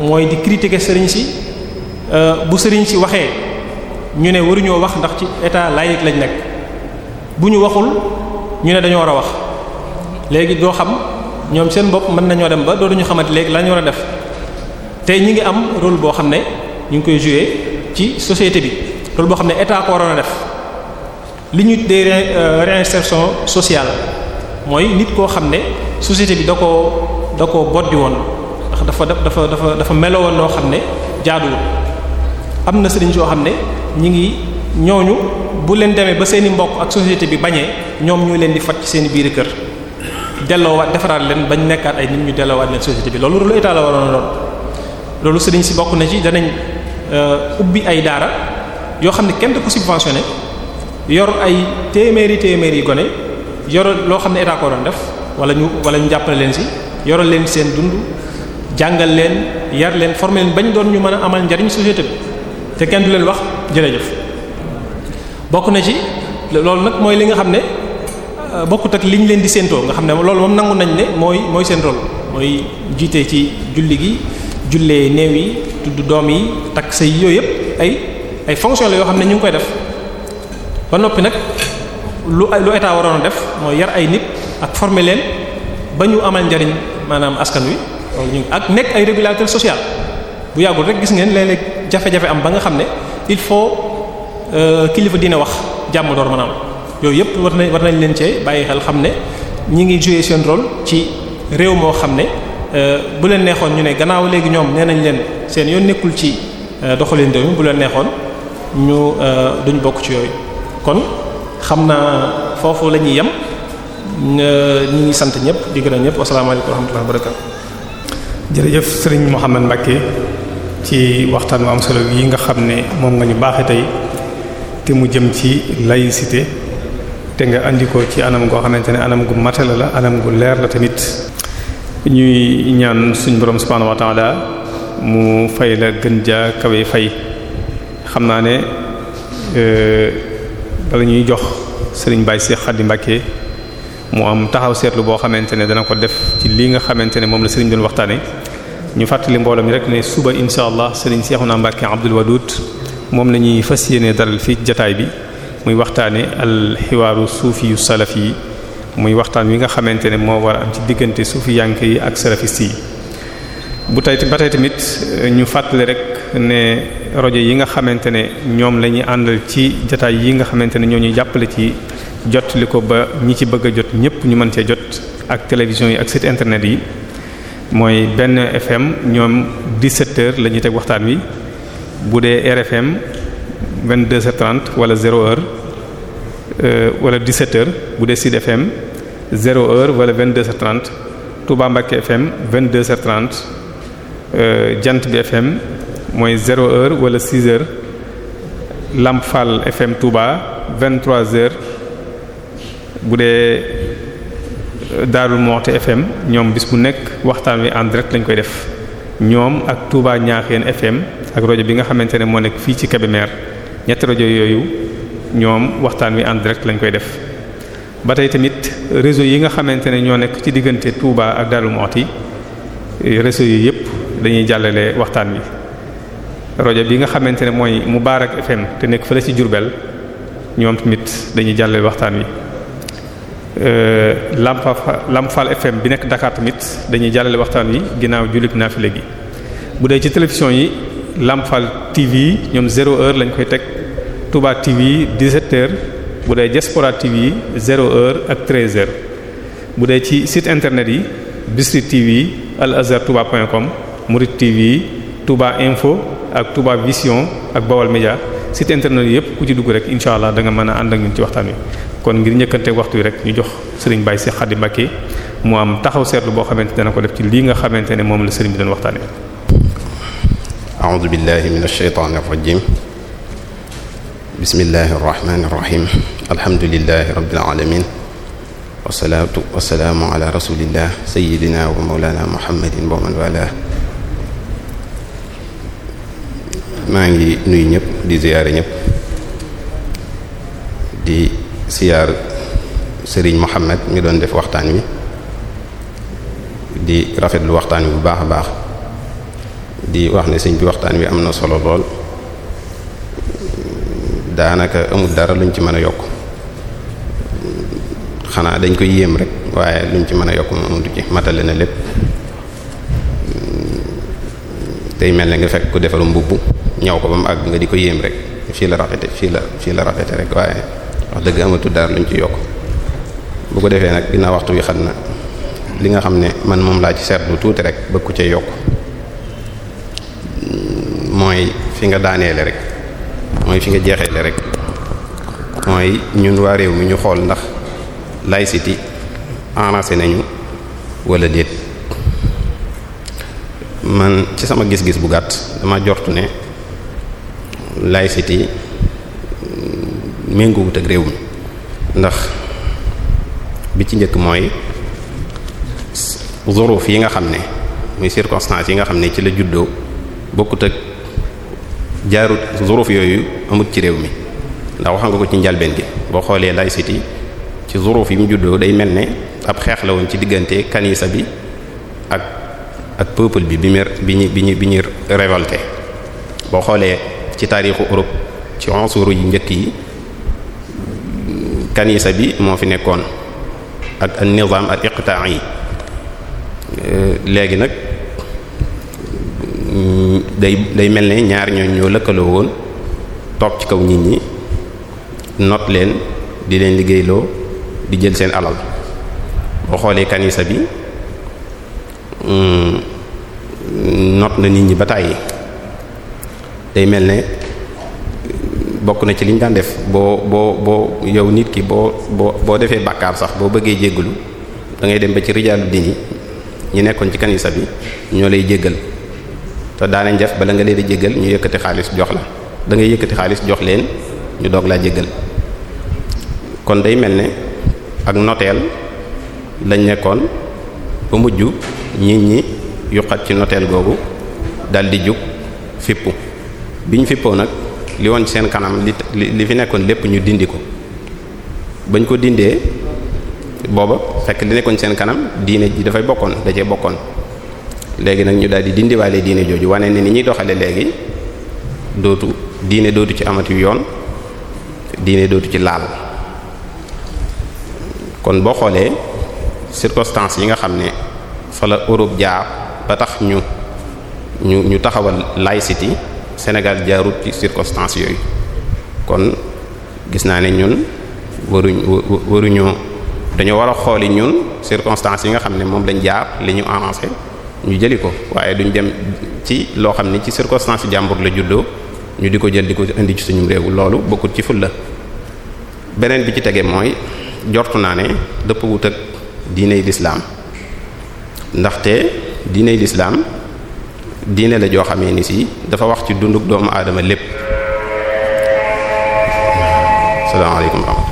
mooy di critiquer sëriñ si euh, bu sëriñ si waxee ñu ne waruñoo wax ndax ci état laïque lañ nekk bu ñu waxul ñu ne dañoo war a wax léegi doo xam ñoom seen bopp mën nañoo dem ba dootuñu xamante léegi la war a def tey ñi ngi am rôle boo xam ne ñu ngi koy jouer ci société bi rôle boo xam ne état ko waroon a def li ñu dee euh, réinsertion sociale mooy nit koo xam ne société bi da ko da ko bot di woon ndax dafa dafa dafa dafa melo woon loo xam ne jaaduwul am na sëriñ soo xam ne ñi ngi ñooñu bu leen demee ba seeni mbokk ak société bi bañee ñoom ñu leen di fat ci seen biir kër delloowaat defaraat leen bañ nekkaat ay nit ñu delloowaat leen société bi loolu lu état la waroon a doon loolu sëriñ si bokk na ci danañ euh, ubbi ay daara yoo xam ne kenn du ko subventionné yor ay téeméeri téeméeri yu gone yor loo xam ne état ko doon def wala ñu wala ñu jàppale leen si yoral leen seen dund jàngal leen yar leen former bañ doon ñu mën a amal njariñ société bi te kenn du leen wax jërëjëf bokk na ci loolu nag mooy li nga xam ne. Euh, bokkut ak li ñu leen di séentoo nga xam ne loolu moom nangu nañ ne mooy mooy seen mooy jiite ci julli gi jullee néew yi tudd doom yi takk say yooyu yëpp ay ay fonction la yoo xam ne ñu ngi koy def ba noppi nag lu lu état waroon a def mooy yar ay nit ak former leen ba ñu amal njariñ maanaam askan wi loolu ñu ak nekk ay régulateur sociale bu yàggul rek gis ngeen léeg-léeg jafe-jafe am ba nga xam ne il faut euh, kilifa dina wax jàmm door maanaam yooyu yëpp war nañ war nañ leen cee bàyyi xel xam ne ñi ngi jouer seen rôle ci réew moo xam ne euh, bu leen neexoon ñu ne gannaaw léegi ñoom nee nañ leen seen yoon nekkul ci euh, doxalin réew mi bu neexoon ñu euh, duñ bokk ci yooyu kon xam naa foofu la ñuy yem ñu ngi sant ñëpp di gërëm ñëpp asalaamaaleykum wa rahmatullahi wa barakatuh jërëjëf sëriñ Mouhamed Mbacke ci waxtaan wu am solo yi nga xam ne moom nga ñu baaxe tey te mu jëm ci laïcité te nga andi ko ci anam goo xamante ne anam gu matala la anam gu leer la tamit ñuy ñaan suñ borom subhaanahu wa ta'ala mu fay la gën jaa kawe fay xam naa ne euh, bala ñuy jox sëriñ Baye Cheikh Khady Mbacké mu am taxaw seetlu boo xamante ne dana ko def ci lii nga xamante ne moom la sëriñ doon waxtaane ñu fàttali mbooloo mi rek ne suba insha allah sëriñ Cheikhouna Mbacké Abdul Wadud moom la ñuy fas yéene daral fii jataay bi muy waxtaane alxiwaaru suufi yu salaf yi muy waxtaan wi nga xamante ne moo war am ci diggante suufiyanke yi ak salafiste yi bu tey ba tey tamit ñu fàttali rek ne rajo yi nga xamante ne ñoom la ñuy àndal ci jataay yi nga xamante ne ñoo ñuy jàppale ci jot li ko ba ñi ci bëgg a jot ñëpp ñu mën cee jot ak télévision yi ak site internet yi mooy benn FM ñoom 17h la ñuy teg waxtaan wi bu dee RFM 22 heures 30 wala 0 heure euh, wala 17 heures bu dee Sud FM heure wala 22 heures 30 Touba FM 22 heures 30 euh, Jant bi FM mooy 0 heure wala 6 heures Lamp Fall FM Touba 23 bu dee euh, Darou Moukhty FM ñoom bis bu nekk waxtaan wi en direct lañ koy def ñoom ak Touba Niakhène FM ak rajo bi nga xamante ne moo nekk fii ci Kébémer ñetti rajo yooyu ñoom waxtaan wi en direct lañ koy def ba tey tamit réseau yi nga xamante ne ñoo nekk ci diggante Touba ak Darou Moukhty eh, réseau yi yépp dañuy jàllale waxtaan wi rajo bi nga xamante ne mooy Moubarak FM te nekk fële ci Diourbel ñoom tamit dañuy jàllale waxtaan wi eh, Lampa Lampfal FM bi nekk Dakar tamit dañuy jàllale waxtaan wi ginnaaw jullit naafile gi bu dee ci télévision yi. Lamfal TV ñoom zéro heure lañ koy teg Touba TV 17 heures bu dee Diaspora TV zéro heure ak 13 heures bu dee ci sit internet yi Bisri TV Al Azhar Touba point com Murid TV tubaa Info ak Touba Vision ak Bawal Média site internet yi yëpp ku ci dugg rek incha allah danga mën a ànd ak ñun ci waxtaan wi. kon ngir ñëkkante waxtu wi rek ñu jox Serigne Baye Cheikh Khady Mbacké mu am taxaw seetlu boo xamante dana ko def ci lii nga xamante ne moom la Serigne bi doon waxtaanee. أعوذ بالله من الشيطان الرجيم بسم الله الرحمن الرحيم الحمد لله رب العالمين والصلاة والسلام على رسول الله سيدنا ومولانا محمد ومن والاه maa ngi nuyu ñëpp di ziyaare ñëpp di siyaar Serigne Mohamed mi doon def waxtaan wi di rafetlu waxtaan wi bu baax a baax di wax ne sëñ bi waxtaan wi am na solo lool daanaka amul dara luñ ci mën a yokk xanaa dañ koy yéem rek waaye luñ ci mën a yokk moom du ci matale na lépp tey mel ne nga fekk ku defaru mbubb ñaw ko ba àgg nga di ko yéem rek fii la rafete fii la fii la rafete rek waaye wax dëgg amatul dara luñ ci yokk bu ko defee nag dinaa waxtu wi xam na li nga xam ne man moom laa ci seetlu tuuti rek bëgg ku cee yokk mooy fi nga daaneele rek mooy fi nga jeexeele rek mooy ñun waa réew mi ñu xool ndax laïcité avancé nañu walla déet man ci sama gis-gis bu gàtt dama jortu ne laïcité méngoowut ak réew mi ndax bi ci njëkk mooy zorof yi nga xam ne muy circonstances yi nga xam ne ci la juddoo bokkut ak jaarut zuruf yooyu amut ci réew mi ndax wax nga ko ci njalbeen bi boo xoolee laïcité ci zuruf yi mu juddoo day mel ne ab xeex la woon ci diggante kanisa bi ak ak peuple bi bi bi ñu bi ñu bi ñu révolté boo xoolee ci taarixu Europe ci onsuru yu njëkk yi kanisa bi moo fi nekkoon ak an nizam al yi euh, léegi nag day day mel ne ñaar ñooñ ñoo lëkkaloo woon toog ci kaw nit ñi not leen di leen liggéeyloo di jël seen alal boo xoolee kanisa bi hmm, not na nit ñi ba tàyyi day mel ne bokk na ci liñ daan def boo boo boo yow nit ki boo boo boo defee bàkkaar sax boo bëggee jégglu da ngay dem ba ci rijaalu dini ñi nekkoon ci kanisa bi ñoo lay jéggal te daanañ def bala nga leen di jéggal ñu yëkkati xaalis jox la dangay ngay yëkkati xaalis jox leen ñu doog laa jéggal kon day mel ne ak noteel lañ nekkoon ba mujj nit ñi yuqat ci noteel googu daldi jug fippu biñ fippoo nag li woon seen kanam li li fi nekkoon lépp ñu dindi ko bañ ko dindee booba fekk li nekkoon seen kanam diine ji dafay bokkoon da bokkoon léegi nag ñu daal di dindiwaale diine jooju wane ne ni ñuy doxale léegi dootu diine dootu ci amati yoon diine dootu ci laal kon boo xoolee circonstances yi nga xam ne fa la Europe jaar ba tax ñu ñu ñu taxawal laïcité Sénégal jaarut ci circonstances yooyu kon gis naa ne ñun waruñ waruñoo dañoo war a xooli ñun circonstances yi nga xam ne moom lañ jaar li ñu avancé ñu jëli ko waaye duñ dem ci loo xam ni ci circonstance jàmbur la juddoo ñu di ko jël di ko indi ci suñu réew loolu bokkut ci ful la beneen bi ci tegee mooy jortu naa ne dëpp wut ak diiney lislaam ndaxte diiney lislaam diine la joo xamee ni si dafa wax ci dunduk doomu aadama lépp salaamaaleykum